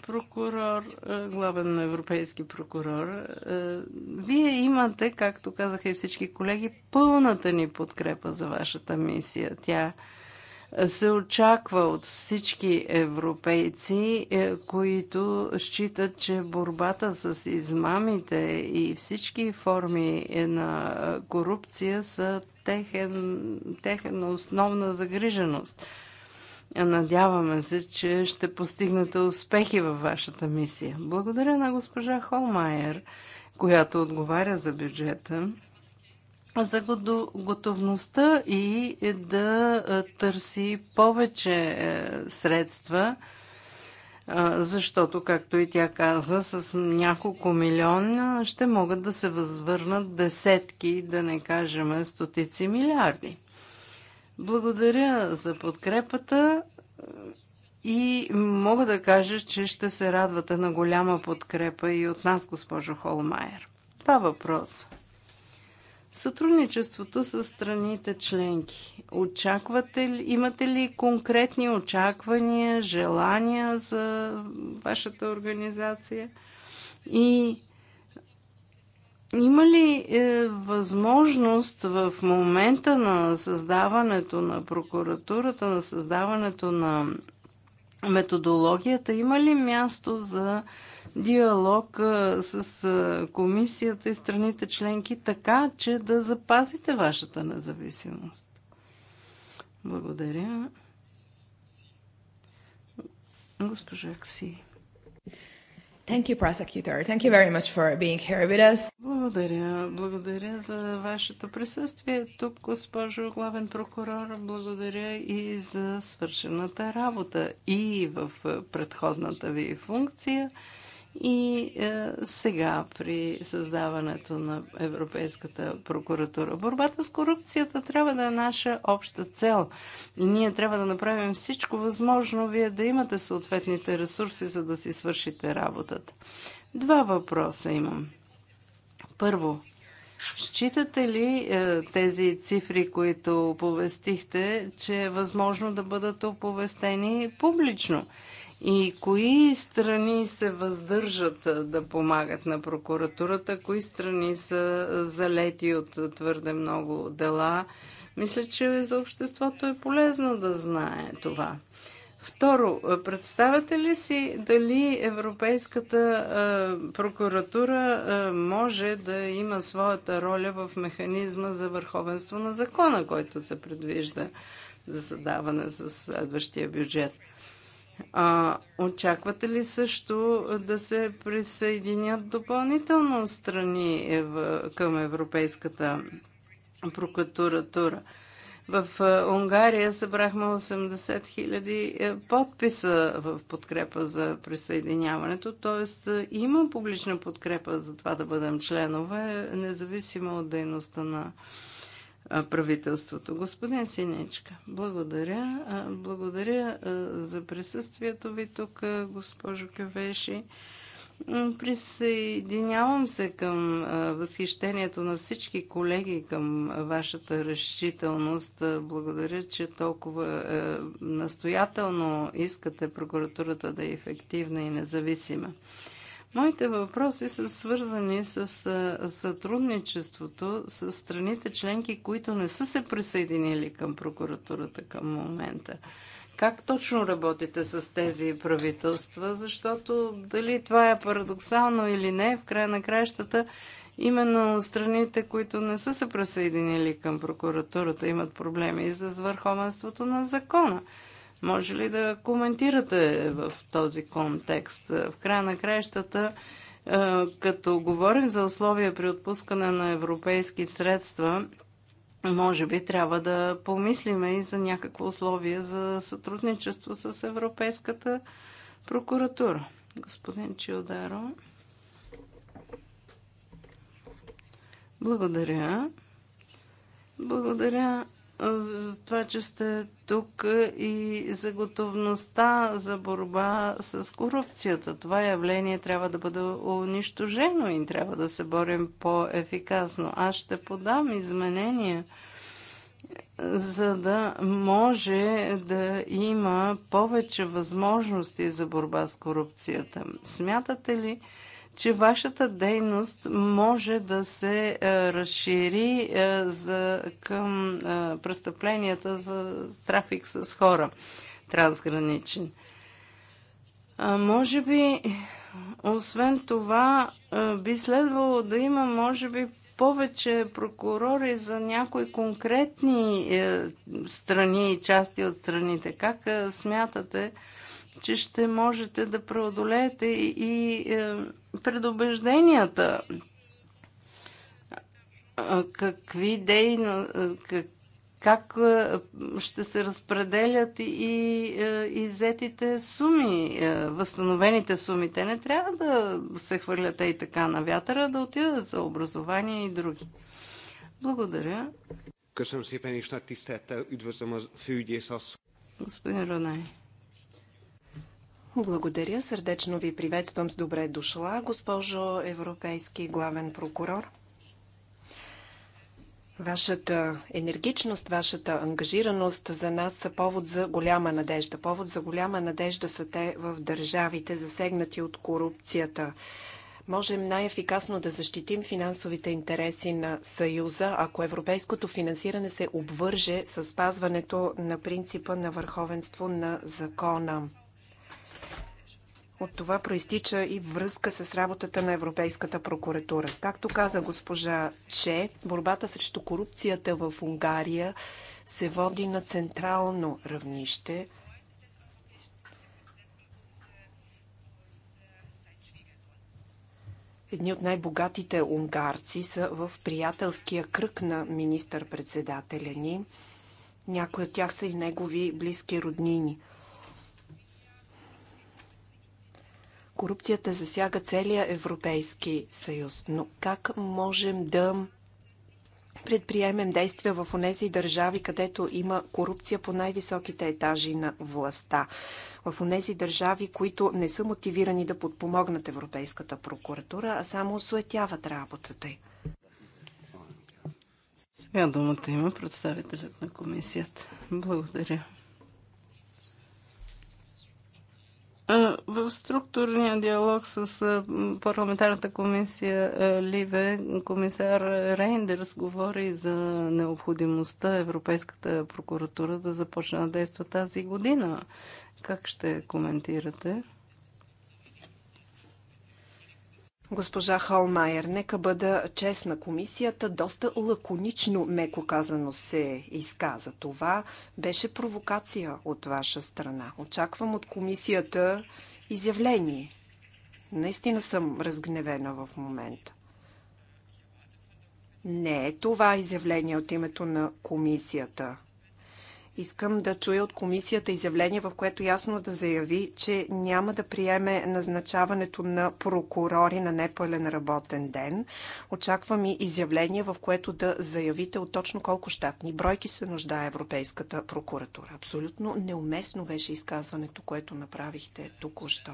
прокурор, е, главен европейски прокурор, е, вие имате, както казаха и всички колеги, пълната ни подкрепа за вашата мисия. Тя се очаква от всички европейци, които считат, че борбата с измамите и всички форми на корупция са техен, техен основна загриженост – Надяваме се, че ще постигнете успехи във вашата мисия. Благодаря на госпожа Холмайер, която отговаря за бюджета, за готовността и да търси повече е, средства, защото, както и тя каза, с няколко милиона ще могат да се възвърнат десетки, да не кажем стотици милиарди. Благодаря за подкрепата и мога да кажа, че ще се радвате на голяма подкрепа и от нас, госпожо Холмайер. Два въпроса. Сътрудничеството с страните членки. Очаквате ли, имате ли конкретни очаквания, желания за вашата организация? И има ли е, възможност в момента на създаването на прокуратурата, на създаването на методологията, има ли място за диалог е, с е, комисията и страните членки, така че да запазите вашата независимост? Благодаря. Госпожа Ксия. Thank you, prosecutor. Thank you very much for being here with us. Благодаря. Благодаря за вашето присъствие тук, госпожо главен прокурор. Благодаря и за свършената работа и в предходната ви функция и е, сега при създаването на Европейската прокуратура. Борбата с корупцията трябва да е наша обща цел и ние трябва да направим всичко възможно вие да имате съответните ресурси, за да си свършите работата. Два въпроса имам. Първо, Считате ли е, тези цифри, които повестихте, че е възможно да бъдат оповестени публично? И кои страни се въздържат да помагат на прокуратурата, кои страни са залети от твърде много дела. Мисля, че за обществото е полезно да знае това. Второ, представяте ли си дали Европейската прокуратура може да има своята роля в механизма за върховенство на закона, който се предвижда за създаване с следващия бюджет? А, очаквате ли също да се присъединят допълнително страни към Европейската прокуратура? В Унгария събрахме 80 хиляди е, подписа в подкрепа за присъединяването, т.е. има публична подкрепа за това да бъдем членове, независимо от дейността на правителството. Господин Синичка, благодаря. Благодаря за присъствието ви тук, госпожо Кевеши. Присъединявам се към възхищението на всички колеги към вашата разчителност. Благодаря, че толкова настоятелно искате прокуратурата да е ефективна и независима. Моите въпроси са свързани с сътрудничеството с страните членки, които не са се присъединили към прокуратурата към момента. Как точно работите с тези правителства? Защото дали това е парадоксално или не, в края на краищата, именно страните, които не са се присъединили към прокуратурата, имат проблеми и с върховенството на закона. Може ли да коментирате в този контекст? В края на краищата, е, като говорим за условия при отпускане на европейски средства, може би трябва да помислиме и за някакво условие за сътрудничество с Европейската прокуратура. Господин Чилдаро. Благодаря. Благодаря за това, че сте тук и за готовността за борба с корупцията. Това явление трябва да бъде унищожено и трябва да се борим по-ефикасно. Аз ще подам изменения, за да може да има повече възможности за борба с корупцията. Смятате ли, че вашата дейност може да се е, разшири е, за, към е, престъпленията за трафик с хора трансграничен. А, може би, освен това, би следвало да има, може би, повече прокурори за някои конкретни страни и части от страните. Как смятате, че ще можете да преодолеете и предубежденията. Какви идеи, как, как ще се разпределят и, иззетите изетите суми, възстановените суми. Те не трябва да се хвърлят и така на вятъра, да отидат за образование и други. Благодаря. Господин Ронай. Благодаря. Сърдечно ви приветствам с добре дошла, госпожо Европейски главен прокурор. Вашата енергичност, вашата ангажираност за нас са повод за голяма надежда. Повод за голяма надежда са те в държавите, засегнати от корупцията. Можем най-ефикасно да защитим финансовите интереси на Съюза, ако европейското финансиране се обвърже с спазването на принципа на върховенство на закона. От това проистича и връзка с работата на Европейската прокуратура. Както каза госпожа Че, борбата срещу корупцията в Унгария се води на централно равнище. Едни от най-богатите унгарци са в приятелския кръг на министър-председателя ни. Някои от тях са и негови близки роднини – Корупцията засяга целия Европейски съюз, но как можем да предприемем действия в онези държави, където има корупция по най-високите етажи на властта. В онези държави, които не са мотивирани да подпомогнат Европейската прокуратура, а само осуетяват работата й. Сега думата има представителят на комисията. Благодаря. В структурния диалог с парламентарната комисия Ливе, комисар Рейндерс говори за необходимостта Европейската прокуратура да започне да действа тази година. Как ще коментирате? Госпожа Холмайер, нека бъда честна. Комисията доста лаконично, меко казано, се изказа. Това беше провокация от ваша страна. Очаквам от комисията изявление. Наистина съм разгневена в момента. Не е това изявление от името на комисията. Искам да чуя от комисията изявление, в което ясно да заяви, че няма да приеме назначаването на прокурори на непълен работен ден. Очаквам и изявление, в което да заявите от точно колко щатни бройки се нуждае Европейската прокуратура. Абсолютно неуместно беше изказването, което направихте току-що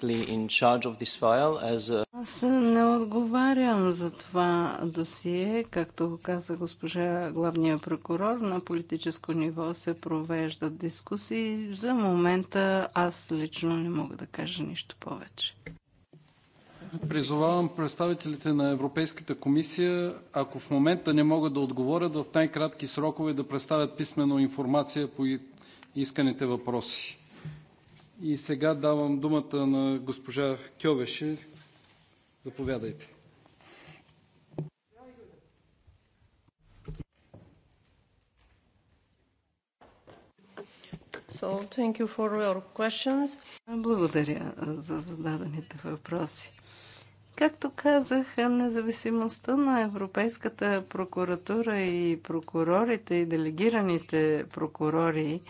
specifically in charge of this file as a... Аз не отговарям за това досие. Както го каза госпожа главния прокурор, на политическо ниво се провеждат дискусии. За момента аз лично не мога да кажа нищо повече. Призовавам представителите на Европейската комисия, ако в момента не могат да отговорят, в най-кратки срокове да представят писмено информация по исканите въпроси. И сега давам думата на госпожа Кьовеше. Заповядайте. So, thank you for your questions. Благодаря за зададените въпроси. Както казах, независимостта на Европейската прокуратура и прокурорите и делегираните прокурори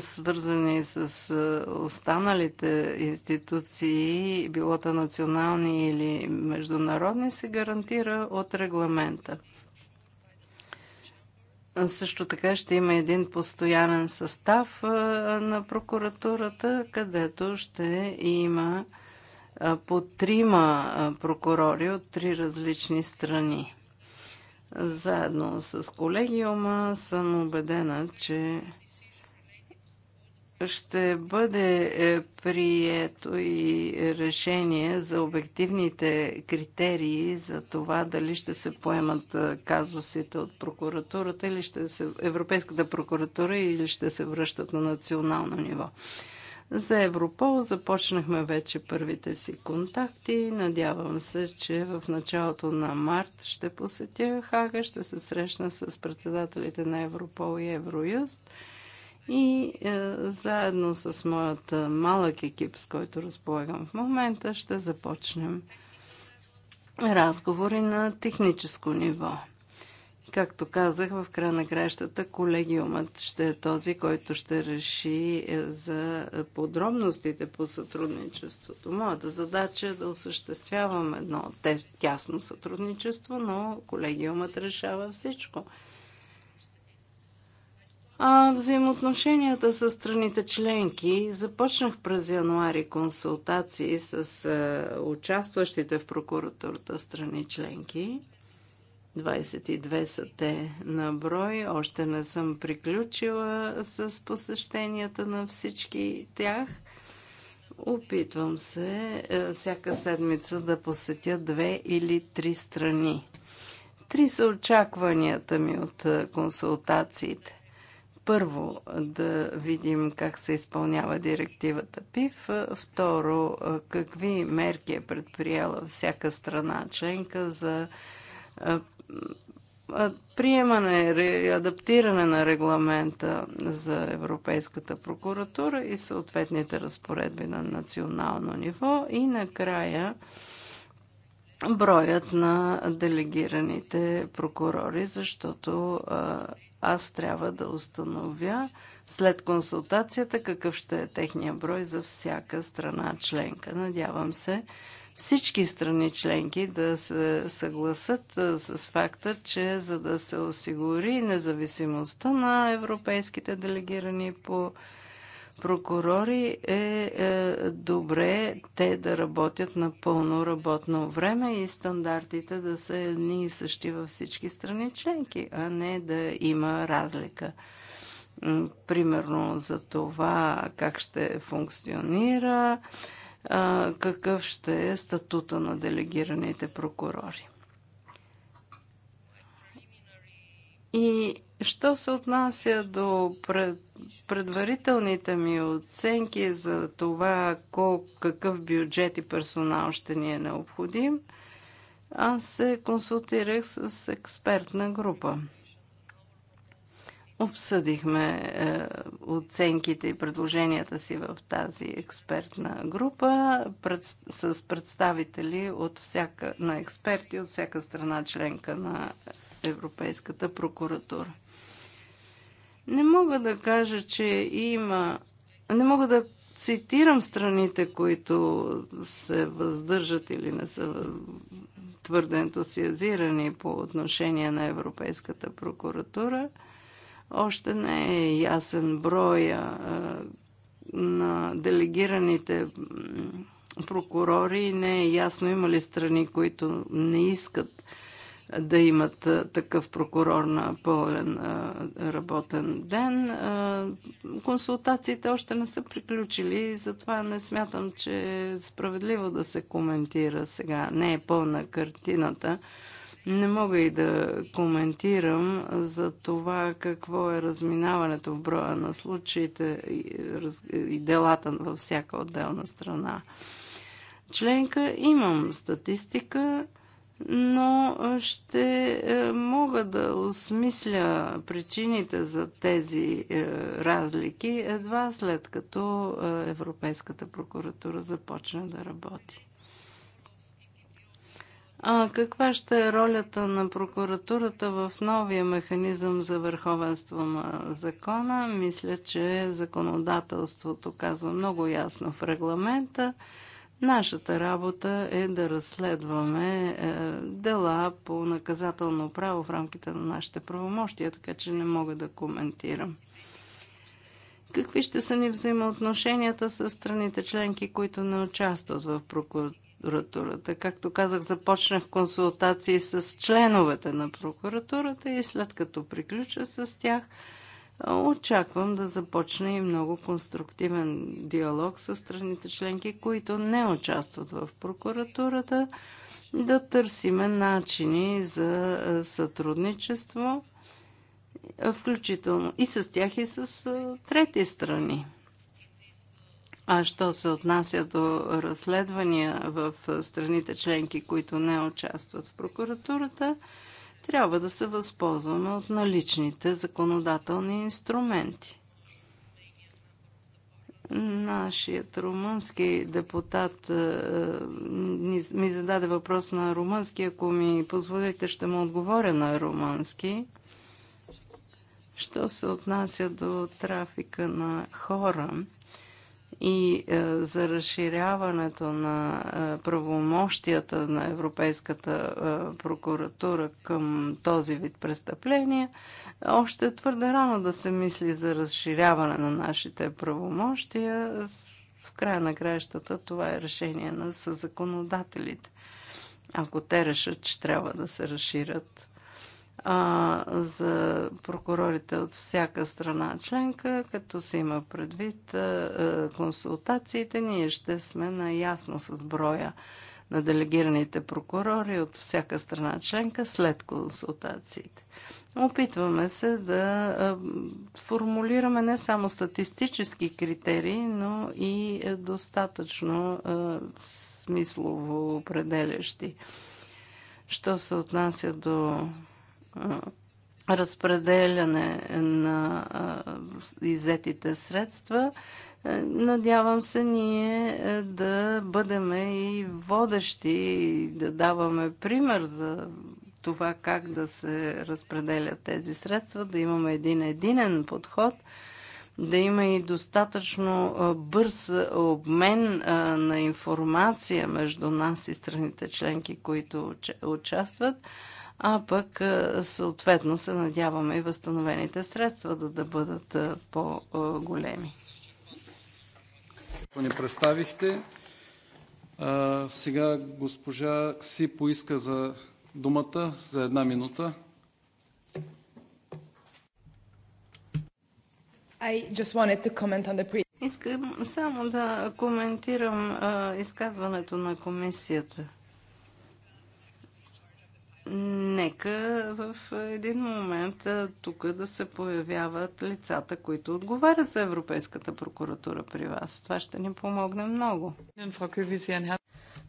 свързани с останалите институции, то национални или международни, се гарантира от регламента. Също така ще има един постоянен състав на прокуратурата, където ще има по трима прокурори от три различни страни. Заедно с колегиума съм убедена, че ще бъде е, прието и решение за обективните критерии за това дали ще се поемат е, казусите от прокуратурата или ще се, Европейската прокуратура или ще се връщат на национално ниво. За Европол започнахме вече първите си контакти. Надявам се, че в началото на март ще посетя Хага, ще се срещна с председателите на Европол и Евроюст – и е, заедно с моят е, малък екип, с който разполагам в момента, ще започнем разговори на техническо ниво. Както казах, в края на кращата колегиумът ще е този, който ще реши е, за подробностите по сътрудничеството. Моята задача е да осъществявам едно тясно сътрудничество, но колегиумът решава всичко. А, взаимоотношенията с страните членки. Започнах през януари консултации с а, участващите в прокуратурата страни членки. 22 са те на брой. Още не съм приключила с посещенията на всички тях. Опитвам се а, всяка седмица да посетя две или три страни. Три са очакванията ми от консултациите първо да видим как се изпълнява директивата ПИФ, второ какви мерки е предприела всяка страна членка за приемане, и адаптиране на регламента за Европейската прокуратура и съответните разпоредби на национално ниво и накрая броят на делегираните прокурори, защото аз трябва да установя след консултацията какъв ще е техния брой за всяка страна членка. Надявам се всички страни членки да се съгласат с факта, че за да се осигури независимостта на европейските делегирани по прокурори е, е добре те да работят на пълно работно време и стандартите да са едни и същи във всички страни членки, а не да има разлика. Примерно за това как ще функционира, какъв ще е статута на делегираните прокурори. И що се отнася до пред предварителните ми оценки за това колко, какъв бюджет и персонал ще ни е необходим, аз се консултирах с експертна група. Обсъдихме е, оценките и предложенията си в тази експертна група пред, с представители от всяка, на експерти от всяка страна членка на Европейската прокуратура. Не мога да кажа, че има. Не мога да цитирам страните, които се въздържат или не са твърде ентусиазирани по отношение на Европейската прокуратура. Още не е ясен броя на делегираните прокурори. Не е ясно има ли страни, които не искат да имат такъв прокурор на пълен работен ден. Консултациите още не са приключили, затова не смятам, че е справедливо да се коментира сега. Не е пълна картината. Не мога и да коментирам за това какво е разминаването в броя на случаите и делата във всяка отделна страна. Членка имам статистика но ще е, мога да осмисля причините за тези е, разлики едва след като е, Европейската прокуратура започне да работи. А каква ще е ролята на прокуратурата в новия механизъм за върховенство на закона? Мисля, че законодателството казва много ясно в регламента. Нашата работа е да разследваме е, дела по наказателно право в рамките на нашите правомощия, така че не мога да коментирам. Какви ще са ни взаимоотношенията с страните членки, които не участват в прокуратурата? Както казах, започнах консултации с членовете на прокуратурата и след като приключа с тях, Очаквам да започне и много конструктивен диалог с страните членки, които не участват в прокуратурата, да търсиме начини за сътрудничество, включително и с тях, и с трети страни. А що се отнася до разследвания в страните членки, които не участват в прокуратурата, трябва да се възползваме от наличните законодателни инструменти. Нашият румънски депутат е, е, ми зададе въпрос на румънски. Ако ми позволите, ще му отговоря на румънски. Що се отнася до трафика на хора, и е, за разширяването на е, правомощията на Европейската е, прокуратура към този вид престъпления, още е твърде рано да се мисли за разширяване на нашите правомощия. В края на краищата това е решение на съзаконодателите. Ако те решат, че трябва да се разширят а, за прокурорите от всяка страна членка, като се има предвид а, консултациите, ние ще сме наясно с броя на делегираните прокурори от всяка страна членка след консултациите. Опитваме се да формулираме не само статистически критерии, но и достатъчно смислово определящи. Що се отнася до разпределяне на иззетите средства. Е, надявам се ние е, да бъдем и водещи и да даваме пример за това как да се разпределят тези средства, да имаме един единен подход, да има и достатъчно бърз обмен на информация между нас и страните членки, които участват а пък е, съответно се надяваме и възстановените средства да, да бъдат е, по-големи. Не представихте. А, е, сега госпожа Си поиска за думата за една минута. I just wanted to comment on the pre- Искам само да коментирам а, изказването на комисията нека в един момент тук да се появяват лицата, които отговарят за Европейската прокуратура при вас. Това ще ни помогне много.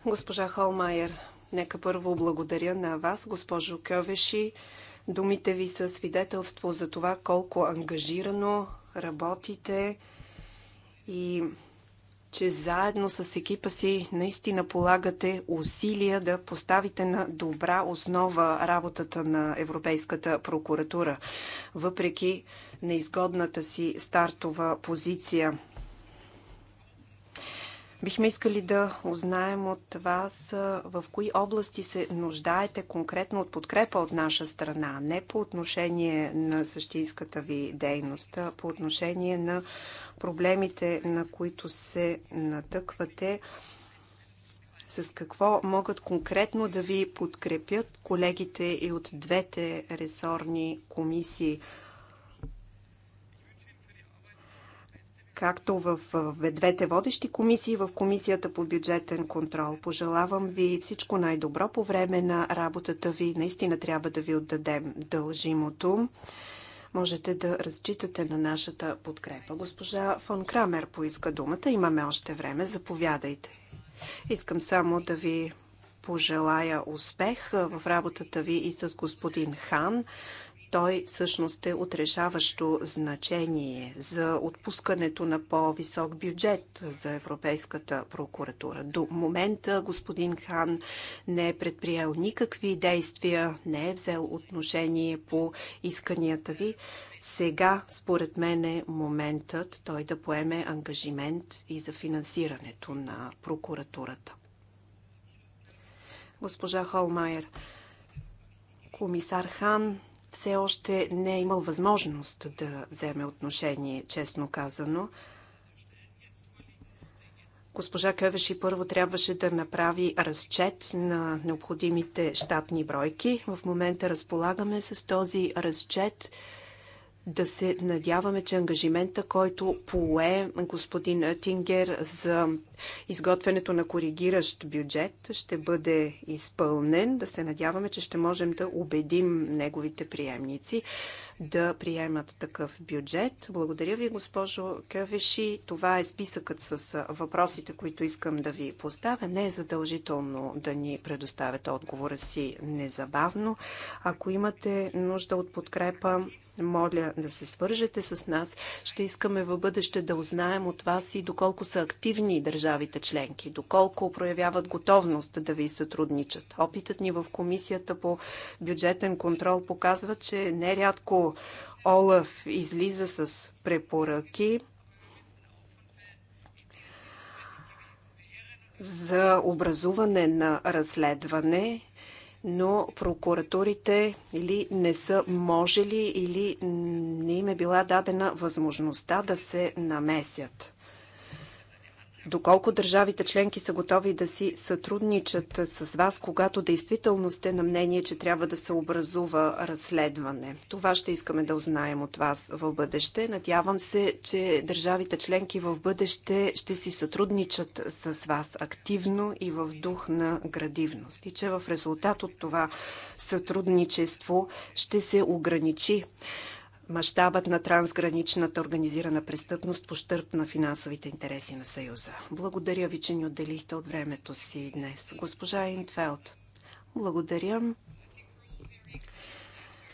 Госпожа Холмайер, нека първо благодаря на вас, госпожо Кьовеши. Думите ви са свидетелство за това колко ангажирано работите и че заедно с екипа си наистина полагате усилия да поставите на добра основа работата на Европейската прокуратура, въпреки неизгодната си стартова позиция. Бихме искали да узнаем от вас в кои области се нуждаете конкретно от подкрепа от наша страна, не по отношение на същинската ви дейност, а по отношение на проблемите, на които се натъквате, с какво могат конкретно да ви подкрепят колегите и от двете ресорни комисии. както в, в двете водещи комисии, в Комисията по бюджетен контрол. Пожелавам ви всичко най-добро по време на работата ви. Наистина трябва да ви отдадем дължимото можете да разчитате на нашата подкрепа. Госпожа фон Крамер поиска думата. Имаме още време. Заповядайте. Искам само да ви пожелая успех в работата ви и с господин Хан. Той всъщност е отрешаващо значение за отпускането на по-висок бюджет за Европейската прокуратура. До момента господин Хан не е предприел никакви действия, не е взел отношение по исканията ви. Сега, според мен, е моментът той да поеме ангажимент и за финансирането на прокуратурата. Госпожа Холмайер, комисар Хан все още не е имал възможност да вземе отношение, честно казано. Госпожа Кевеши първо трябваше да направи разчет на необходимите щатни бройки. В момента разполагаме с този разчет да се надяваме, че ангажимента, който пое господин Оттингер за изготвянето на коригиращ бюджет, ще бъде изпълнен. Да се надяваме, че ще можем да убедим неговите приемници да приемат такъв бюджет. Благодаря ви, госпожо Кевеши. Това е списъкът с въпросите, които искам да ви поставя. Не е задължително да ни предоставяте отговора си незабавно. Ако имате нужда от подкрепа, моля да се свържете с нас. Ще искаме в бъдеще да узнаем от вас и доколко са активни държавите членки, доколко проявяват готовност да ви сътрудничат. Опитът ни в Комисията по бюджетен контрол показва, че нерядко Олаф излиза с препоръки за образуване на разследване, но прокуратурите или не са можели, или не им е била дадена възможността да се намесят. Доколко държавите членки са готови да си сътрудничат с вас, когато действително сте на мнение, че трябва да се образува разследване? Това ще искаме да узнаем от вас в бъдеще. Надявам се, че държавите членки в бъдеще ще си сътрудничат с вас активно и в дух на градивност. И че в резултат от това сътрудничество ще се ограничи мащабът на трансграничната организирана престъпност в ущърп на финансовите интереси на Съюза. Благодаря ви, че ни отделихте от времето си днес. Госпожа Интфелд, благодаря.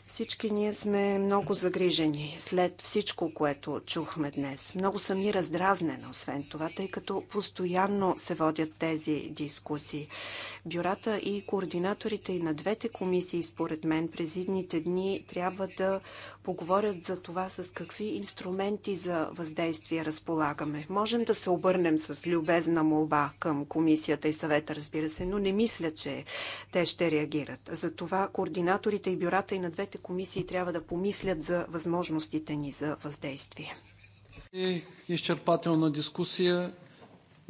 Всички ние сме много загрижени след всичко, което чухме днес. Много съм и раздразнена, освен това, тъй като постоянно се водят тези дискусии. Бюрата и координаторите и на двете комисии, според мен, през идните дни трябва да поговорят за това с какви инструменти за въздействие разполагаме. Можем да се обърнем с любезна молба към комисията и съвета, разбира се, но не мисля, че те ще реагират. Затова координаторите и бюрата и на двете комисии трябва да помислят за възможностите ни за въздействие. И е, изчерпателна дискусия.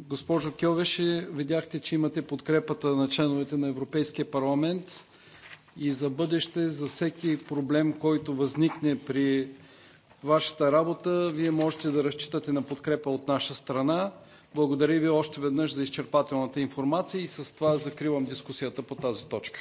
Госпожо Кьовеше, видяхте, че имате подкрепата на членовете на Европейския парламент и за бъдеще за всеки проблем, който възникне при Вашата работа, Вие можете да разчитате на подкрепа от наша страна. Благодаря Ви още веднъж за изчерпателната информация. и С това закривам дискусията по тази точка.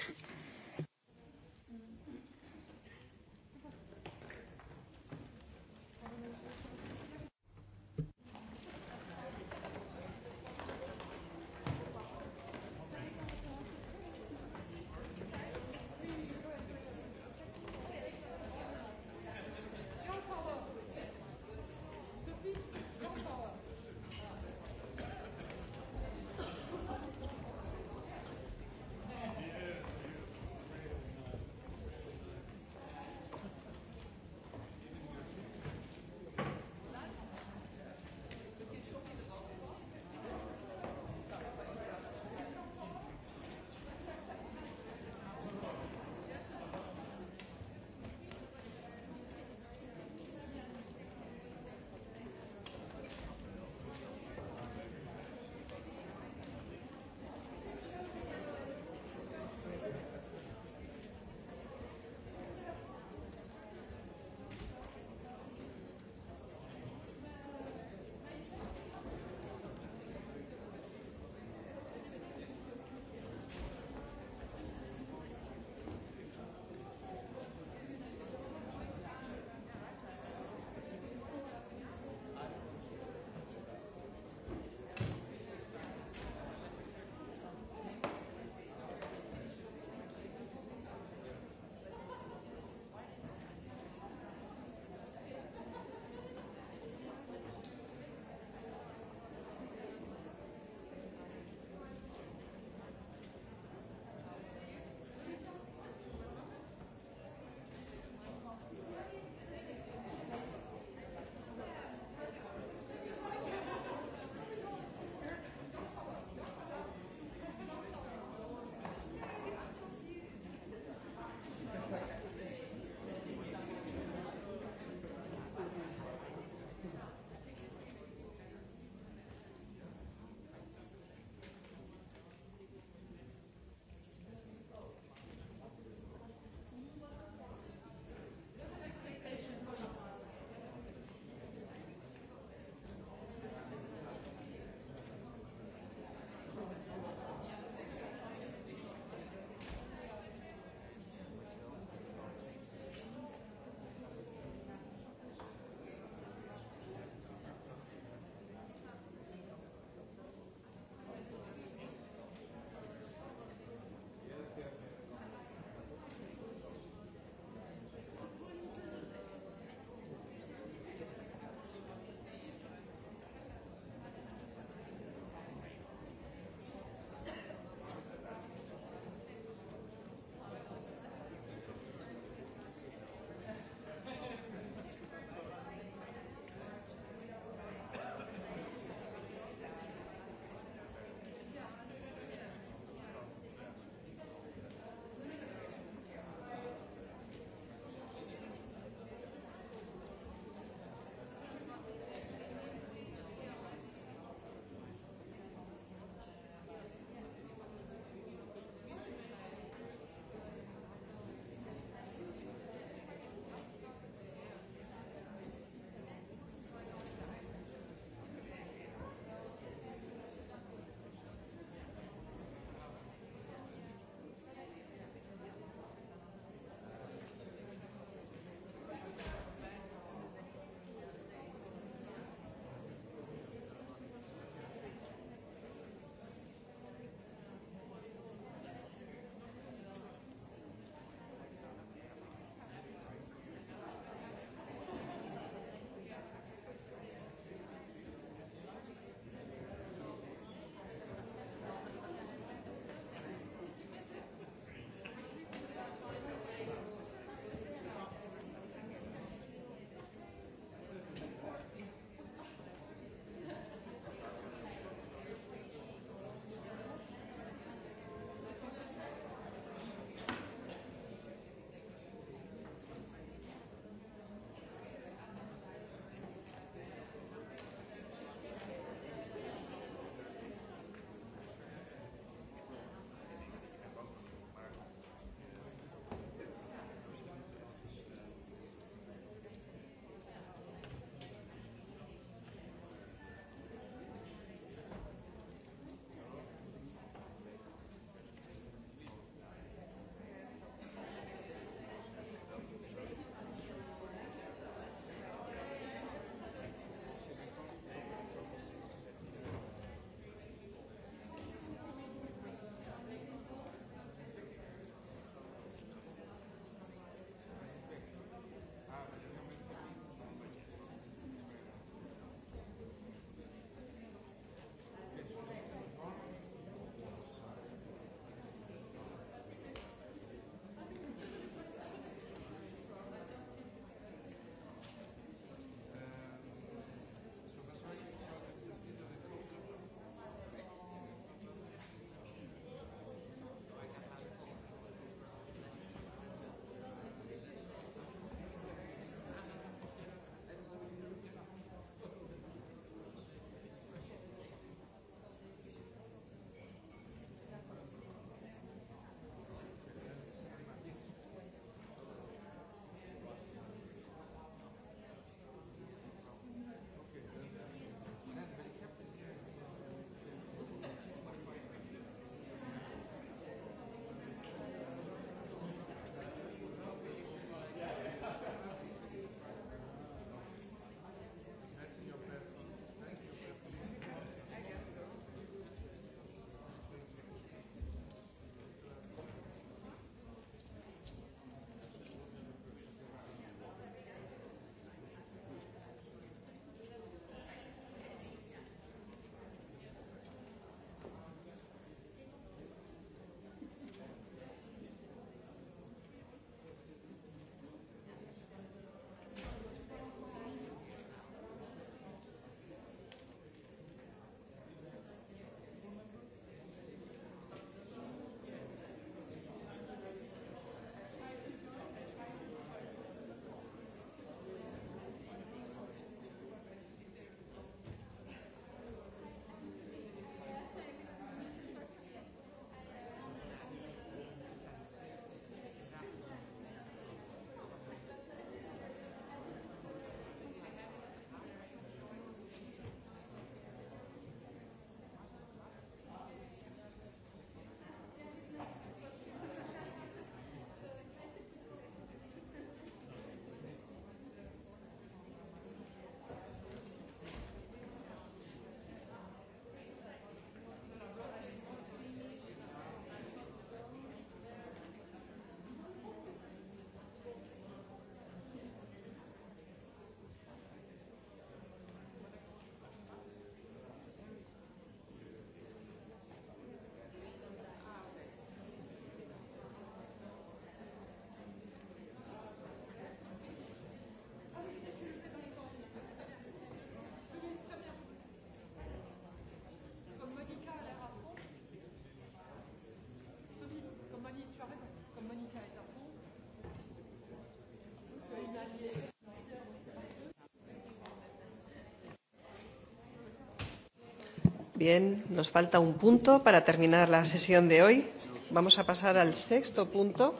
Bien, nos falta un punto para terminar la sesión de hoy. Vamos a pasar al sexto punto.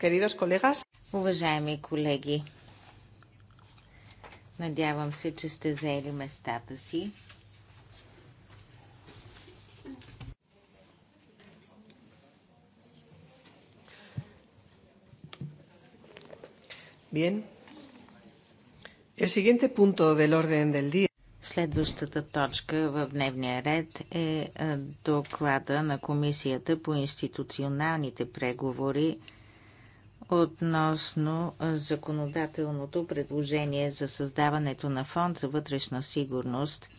Queridos colegas. Уважаеми колеги, надявам се, че сте заели местата си. Bien, Следващата точка в дневния ред е доклада на Комисията по институционалните преговори относно законодателното предложение за създаването на фонд за вътрешна сигурност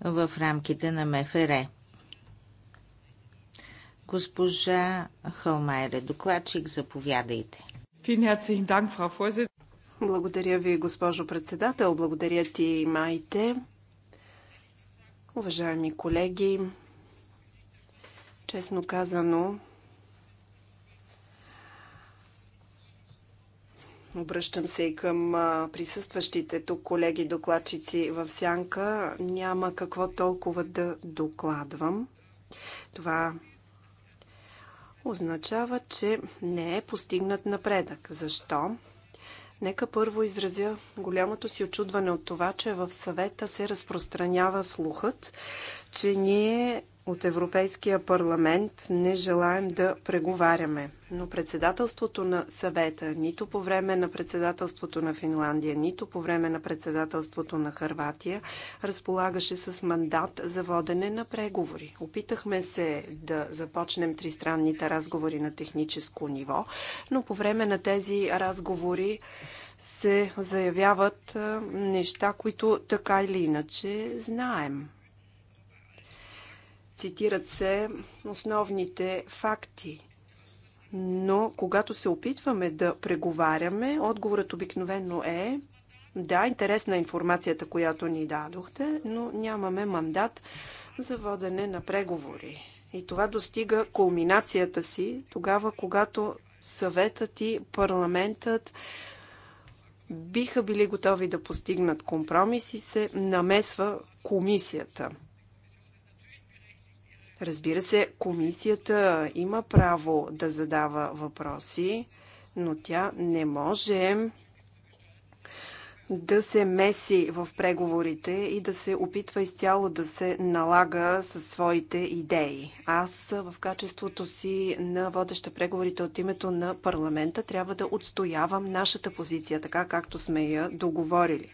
в рамките на МФР. Госпожа Халмайре, докладчик, заповядайте. Благодаря ви, госпожо председател. Благодаря ти, Майте. Уважаеми колеги, честно казано, Обръщам се и към присъстващите тук колеги докладчици в Сянка. Няма какво толкова да докладвам. Това означава, че не е постигнат напредък. Защо? Нека първо изразя голямото си очудване от това, че в съвета се разпространява слухът, че ние от Европейския парламент не желаем да преговаряме. Но председателството на съвета, нито по време на председателството на Финландия, нито по време на председателството на Харватия, разполагаше с мандат за водене на преговори. Опитахме се да започнем тристранните разговори на техническо ниво, но по време на тези разговори се заявяват неща, които така или иначе знаем Цитират се основните факти. Но когато се опитваме да преговаряме, отговорът обикновено е да, интересна е информацията, която ни дадохте, но нямаме мандат за водене на преговори. И това достига кулминацията си тогава, когато съветът и парламентът биха били готови да постигнат компромис и се намесва комисията – Разбира се, комисията има право да задава въпроси, но тя не може да се меси в преговорите и да се опитва изцяло да се налага със своите идеи. Аз в качеството си на водеща преговорите от името на парламента трябва да отстоявам нашата позиция, така както сме я договорили.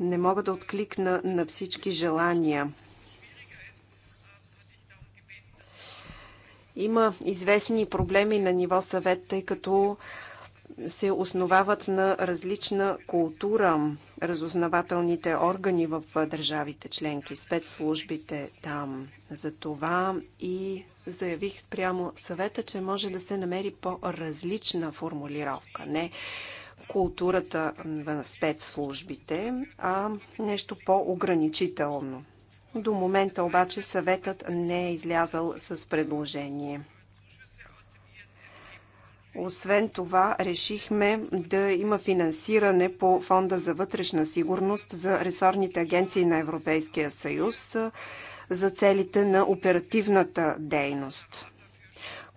Не мога да откликна на всички желания Има известни проблеми на ниво съвет, тъй като се основават на различна култура разузнавателните органи в държавите членки, спецслужбите там. За това и заявих спрямо съвета, че може да се намери по-различна формулировка. Не културата на спецслужбите, а нещо по-ограничително. До момента обаче съветът не е излязал с предложение. Освен това, решихме да има финансиране по Фонда за вътрешна сигурност за ресорните агенции на Европейския съюз за целите на оперативната дейност.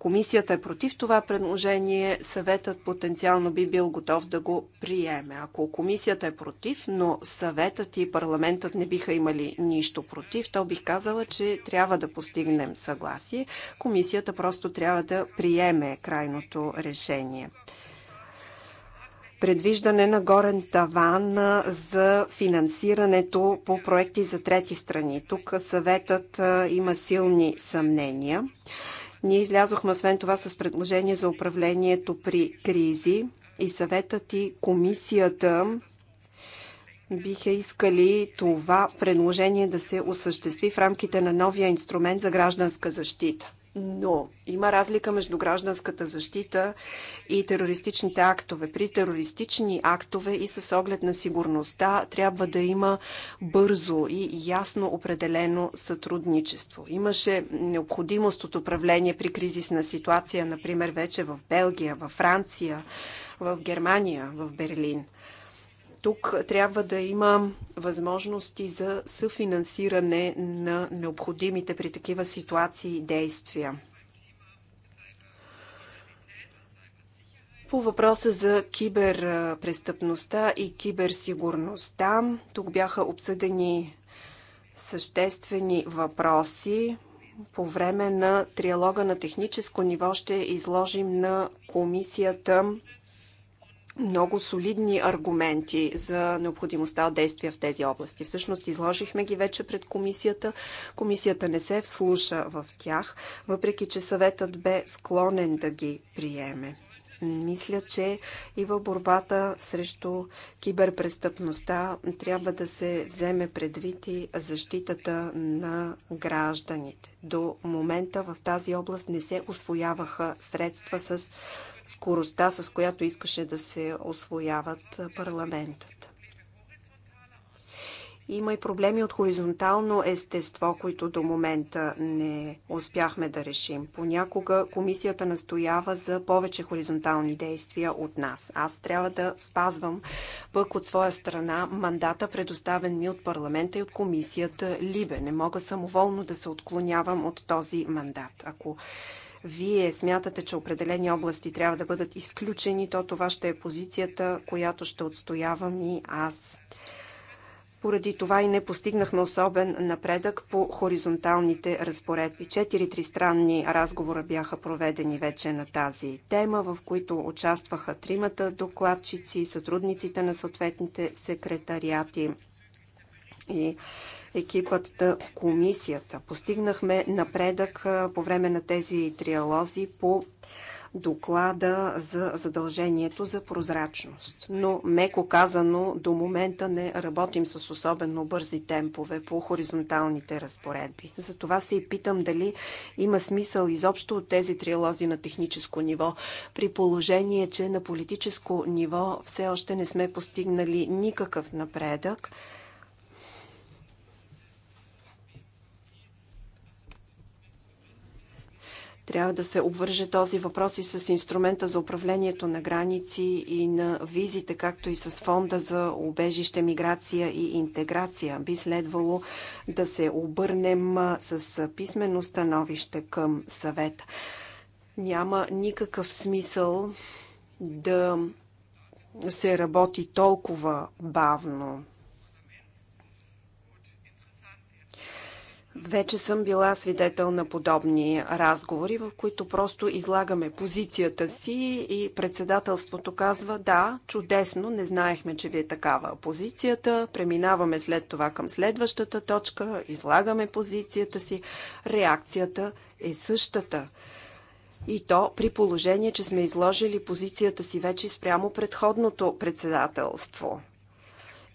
Комисията е против това предложение, съветът потенциално би бил готов да го приеме. Ако комисията е против, но съветът и парламентът не биха имали нищо против, то бих казала, че трябва да постигнем съгласие. Комисията просто трябва да приеме крайното решение предвиждане на горен таван за финансирането по проекти за трети страни. Тук съветът има силни съмнения. Ние излязохме освен това с предложение за управлението при кризи и съветът и комисията биха искали това предложение да се осъществи в рамките на новия инструмент за гражданска защита но има разлика между гражданската защита и терористичните актове. При терористични актове и с оглед на сигурността трябва да има бързо и ясно определено сътрудничество. Имаше необходимост от управление при кризисна ситуация, например вече в Белгия, във Франция, в Германия, в Берлин – тук трябва да има възможности за съфинансиране на необходимите при такива ситуации действия. По въпроса за киберпрестъпността и киберсигурността, тук бяха обсъдени съществени въпроси. По време на триалога на техническо ниво ще изложим на комисията много солидни аргументи за необходимостта от действия в тези области. Всъщност изложихме ги вече пред комисията. Комисията не се вслуша в тях, въпреки че съветът бе склонен да ги приеме. Мисля, че и в борбата срещу киберпрестъпността трябва да се вземе предвид и защитата на гражданите. До момента в тази област не се освояваха средства с скоростта, с която искаше да се освояват парламентът. Има и проблеми от хоризонтално естество, които до момента не успяхме да решим. Понякога комисията настоява за повече хоризонтални действия от нас. Аз трябва да спазвам пък от своя страна мандата, предоставен ми от парламента и от комисията Либе. Не мога самоволно да се отклонявам от този мандат. Ако вие смятате, че определени области трябва да бъдат изключени, то това ще е позицията, която ще отстоявам и аз. Поради това и не постигнахме особен напредък по хоризонталните разпоредби. Четири тристранни разговора бяха проведени вече на тази тема, в които участваха тримата докладчици, сътрудниците на съответните секретариати и екипът на комисията. Постигнахме напредък по време на тези триалози по доклада за задължението за прозрачност. Но, меко казано, до момента не работим с особено бързи темпове по хоризонталните разпоредби. Затова се и питам дали има смисъл изобщо от тези триалози на техническо ниво, при положение, че на политическо ниво все още не сме постигнали никакъв напредък Трябва да се обвърже този въпрос и с инструмента за управлението на граници и на визите, както и с фонда за убежище, миграция и интеграция. Би следвало да се обърнем с писменно становище към съвета. Няма никакъв смисъл да се работи толкова бавно. Вече съм била свидетел на подобни разговори, в които просто излагаме позицията си и председателството казва да, чудесно, не знаехме, че ви е такава позицията, преминаваме след това към следващата точка, излагаме позицията си, реакцията е същата. И то при положение, че сме изложили позицията си вече спрямо предходното председателство.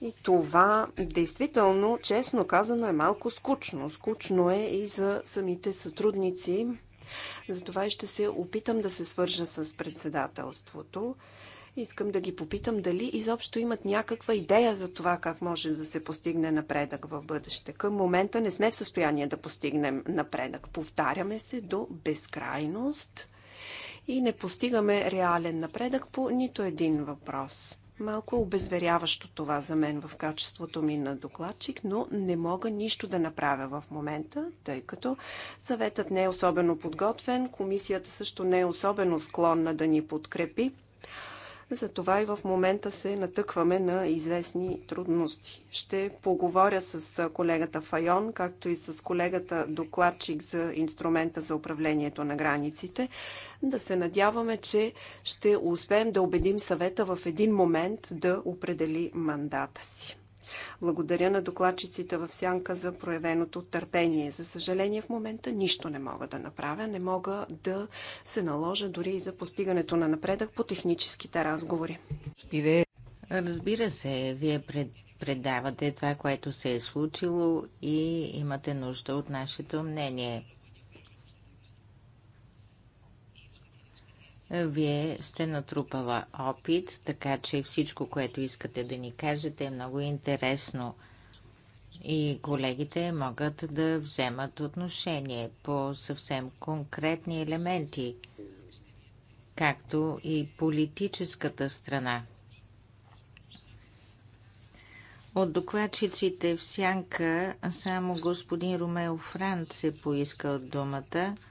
И това, действително, честно казано, е малко скучно. Скучно е и за самите сътрудници. Затова и ще се опитам да се свържа с председателството. Искам да ги попитам дали изобщо имат някаква идея за това как може да се постигне напредък в бъдеще. Към момента не сме в състояние да постигнем напредък. Повтаряме се до безкрайност и не постигаме реален напредък по нито един въпрос. Малко е обезверяващо това за мен в качеството ми на докладчик, но не мога нищо да направя в момента, тъй като съветът не е особено подготвен, комисията също не е особено склонна да ни подкрепи. Затова и в момента се натъкваме на известни трудности. Ще поговоря с колегата Файон, както и с колегата докладчик за инструмента за управлението на границите, да се надяваме, че ще успеем да убедим съвета в един момент да определи мандата си. Благодаря на докладчиците в сянка за проявеното търпение. За съжаление в момента нищо не мога да направя. Не мога да се наложа дори и за постигането на напредък по техническите разговори. Разбира се, вие пред предавате това, което се е случило и имате нужда от нашето мнение. Вие сте натрупала опит, така че всичко, което искате да ни кажете е много интересно. И колегите могат да вземат отношение по съвсем конкретни елементи, както и политическата страна. От докладчиците в сянка само господин Ромео Франц се поискал думата –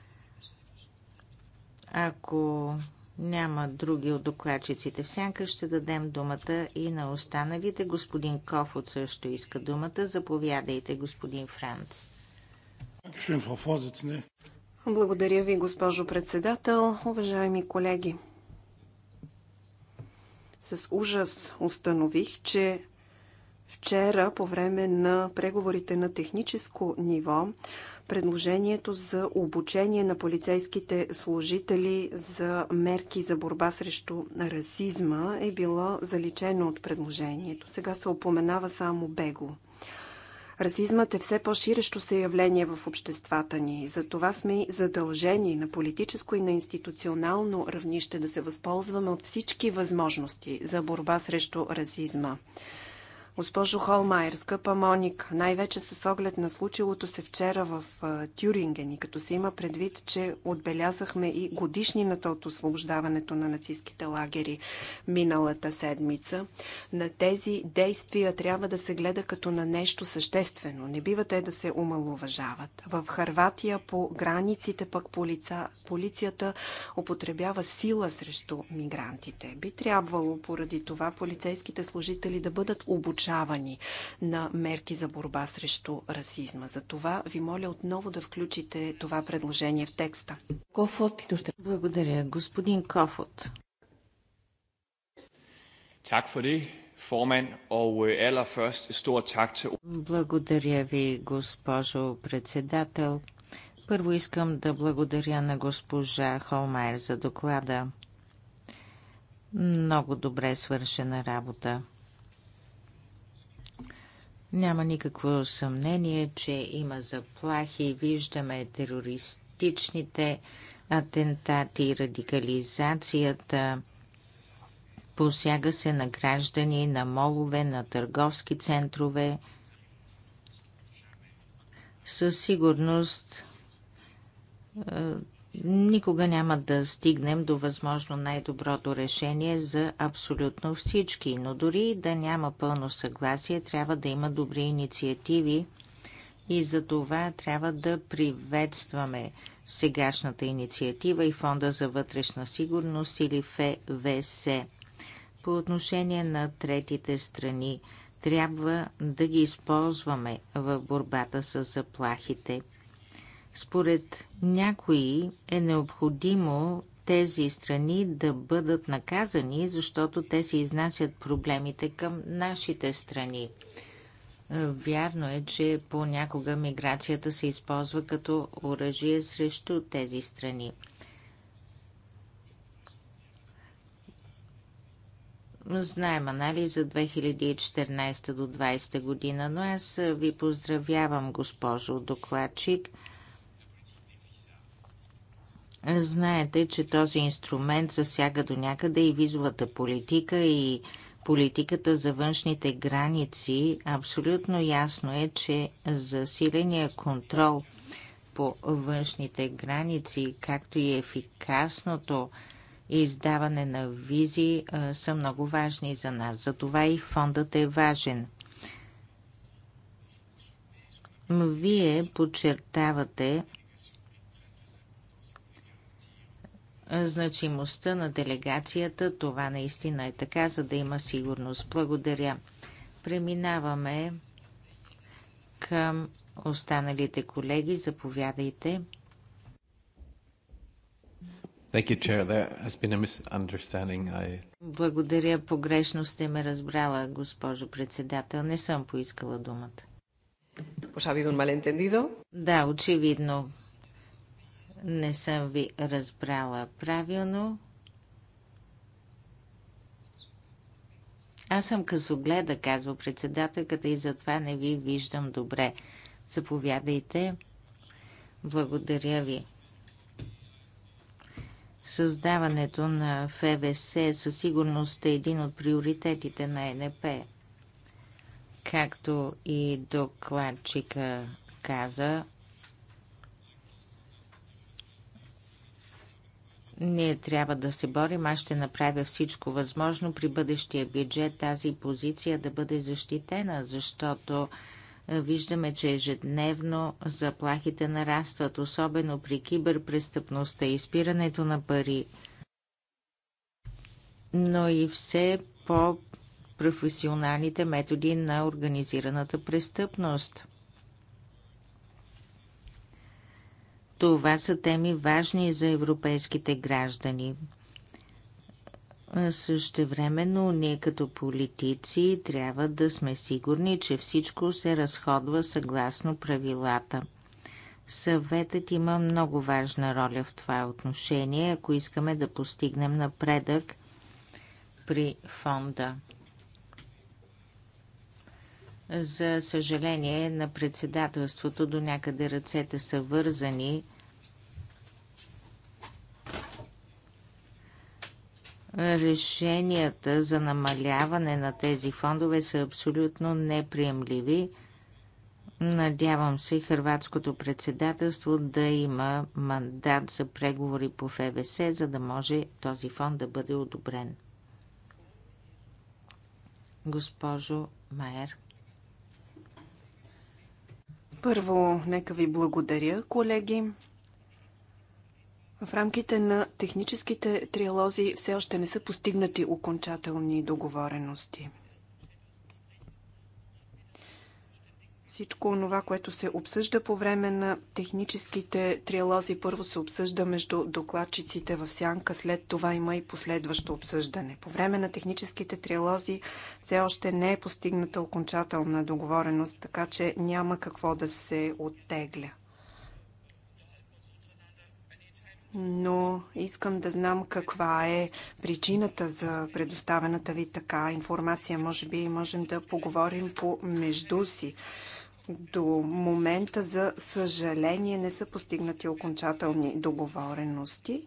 ако няма други от докладчиците в сянка, ще дадем думата и на останалите. Господин Кофот също иска думата. Заповядайте, господин Франц. Благодаря ви, госпожо председател. Уважаеми колеги, с ужас установих, че Вчера, по време на преговорите на техническо ниво, предложението за обучение на полицейските служители за мерки за борба срещу расизма е било заличено от предложението. Сега се опоменава само бегло. Расизмът е все по-ширещо се явление в обществата ни. Затова сме и задължени на политическо и на институционално равнище да се възползваме от всички възможности за борба срещу расизма. Госпожо Холмайер, скъпа Моника, най-вече с оглед на случилото се вчера в Тюринген и като се има предвид, че отбелязахме и годишнината от освобождаването на нацистските лагери миналата седмица, на тези действия трябва да се гледа като на нещо съществено. Не бива те да се омалуважават. В Харватия по границите пък полица, полицията употребява сила срещу мигрантите. Би трябвало поради това полицейските служители да бъдат обучени насърчавани на мерки за борба срещу расизма. За това ви моля отново да включите това предложение в текста. Благодаря, господин Кофот. for det, formand, og øh, allerførst tak til... Благодаря ви, госпожо председател. Първо искам да благодаря на госпожа Холмайер за доклада. Много добре свършена работа. Няма никакво съмнение, че има заплахи. Виждаме терористичните атентати, радикализацията. Посяга се на граждани, на молове, на търговски центрове. Със сигурност е, никога няма да стигнем до възможно най-доброто решение за абсолютно всички, но дори да няма пълно съгласие, трябва да има добри инициативи и за това трябва да приветстваме сегашната инициатива и Фонда за вътрешна сигурност или ФВС. По отношение на третите страни, трябва да ги използваме в борбата с заплахите – според някои е необходимо тези страни да бъдат наказани, защото те се изнасят проблемите към нашите страни. Вярно е, че понякога миграцията се използва като оръжие срещу тези страни. Знаем анализа 2014 до 2020 година, но аз ви поздравявам, госпожо докладчик – Знаете, че този инструмент засяга до някъде и визовата политика и политиката за външните граници. Абсолютно ясно е, че засиления контрол по външните граници, както и ефикасното издаване на визи са много важни за нас. Затова и фондът е важен. Вие подчертавате Е, значимостта на делегацията. Това наистина е така, за да има сигурност. Благодаря. Преминаваме към останалите колеги. Заповядайте. You, Благодаря, погрешно сте ме разбрала, госпожо председател. Не съм поискала думата. Да, очевидно не съм ви разбрала правилно. Аз съм късогледа, казва председателката, и затова не ви виждам добре. Заповядайте. Благодаря ви. Създаването на ФВС със сигурност е един от приоритетите на НП. Както и докладчика каза, Ние трябва да се борим. Аз ще направя всичко възможно при бъдещия бюджет тази позиция да бъде защитена, защото е, виждаме, че ежедневно заплахите нарастват, особено при киберпрестъпността и спирането на пари. Но и все по професионалните методи на организираната престъпност – Това са теми важни за европейските граждани. Същевременно ние като политици трябва да сме сигурни, че всичко се разходва съгласно правилата. Съветът има много важна роля в това отношение, ако искаме да постигнем напредък при фонда. За съжаление, на председателството до някъде ръцете са вързани – решенията за намаляване на тези фондове са абсолютно неприемливи. Надявам се хрватското председателство да има мандат за преговори по ФВС, за да може този фонд да бъде одобрен. Госпожо Майер. Първо, нека ви благодаря, колеги. В рамките на техническите триалози все още не са постигнати окончателни договорености. Всичко това, което се обсъжда по време на техническите триалози, първо се обсъжда между докладчиците в сянка, след това има и последващо обсъждане. По време на техническите триалози все още не е постигната окончателна договореност, така че няма какво да се оттегля. но искам да знам каква е причината за предоставената ви така информация. Може би можем да поговорим по между си. До момента, за съжаление, не са постигнати окончателни договорености.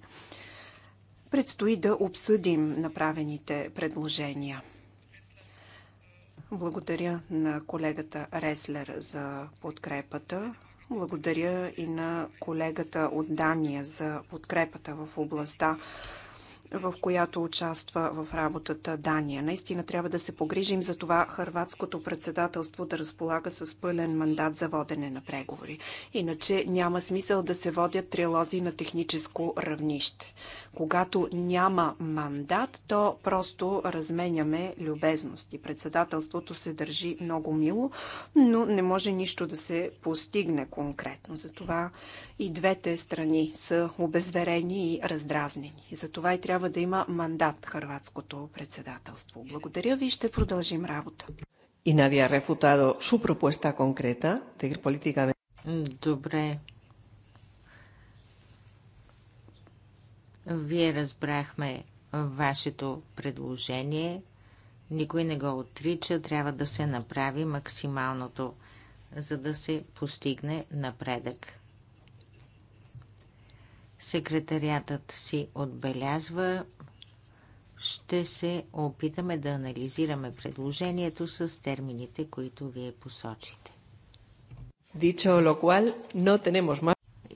Предстои да обсъдим направените предложения. Благодаря на колегата Реслер за подкрепата. Благодаря и на колегата от Дания за подкрепата в областта в която участва в работата Дания. Наистина трябва да се погрижим за това хърватското председателство да разполага с пълен мандат за водене на преговори. Иначе няма смисъл да се водят трилози на техническо равнище. Когато няма мандат, то просто разменяме любезности. Председателството се държи много мило, но не може нищо да се постигне конкретно. Затова и двете страни са обезверени и раздразнени. за това и трябва да има мандат хрватското председателство. Благодаря ви и ще продължим работа. И Нави рефутадо су su конкрета, concreta de политика... Добре. Вие разбрахме вашето предложение. Никой не го отрича. Трябва да се направи максималното, за да се постигне напредък. Секретариатът си отбелязва. Ще се опитаме да анализираме предложението с термините, които вие посочите.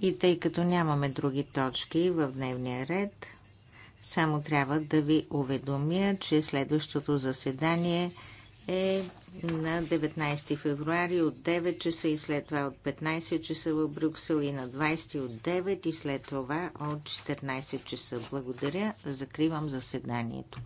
И тъй като нямаме други точки в дневния ред, само трябва да ви уведомя, че следващото заседание е на 19 февруари от 9 часа и след това от 15 часа в Брюксел и на 20 от 9 и след това от 14 часа. Благодаря. Закривам заседанието.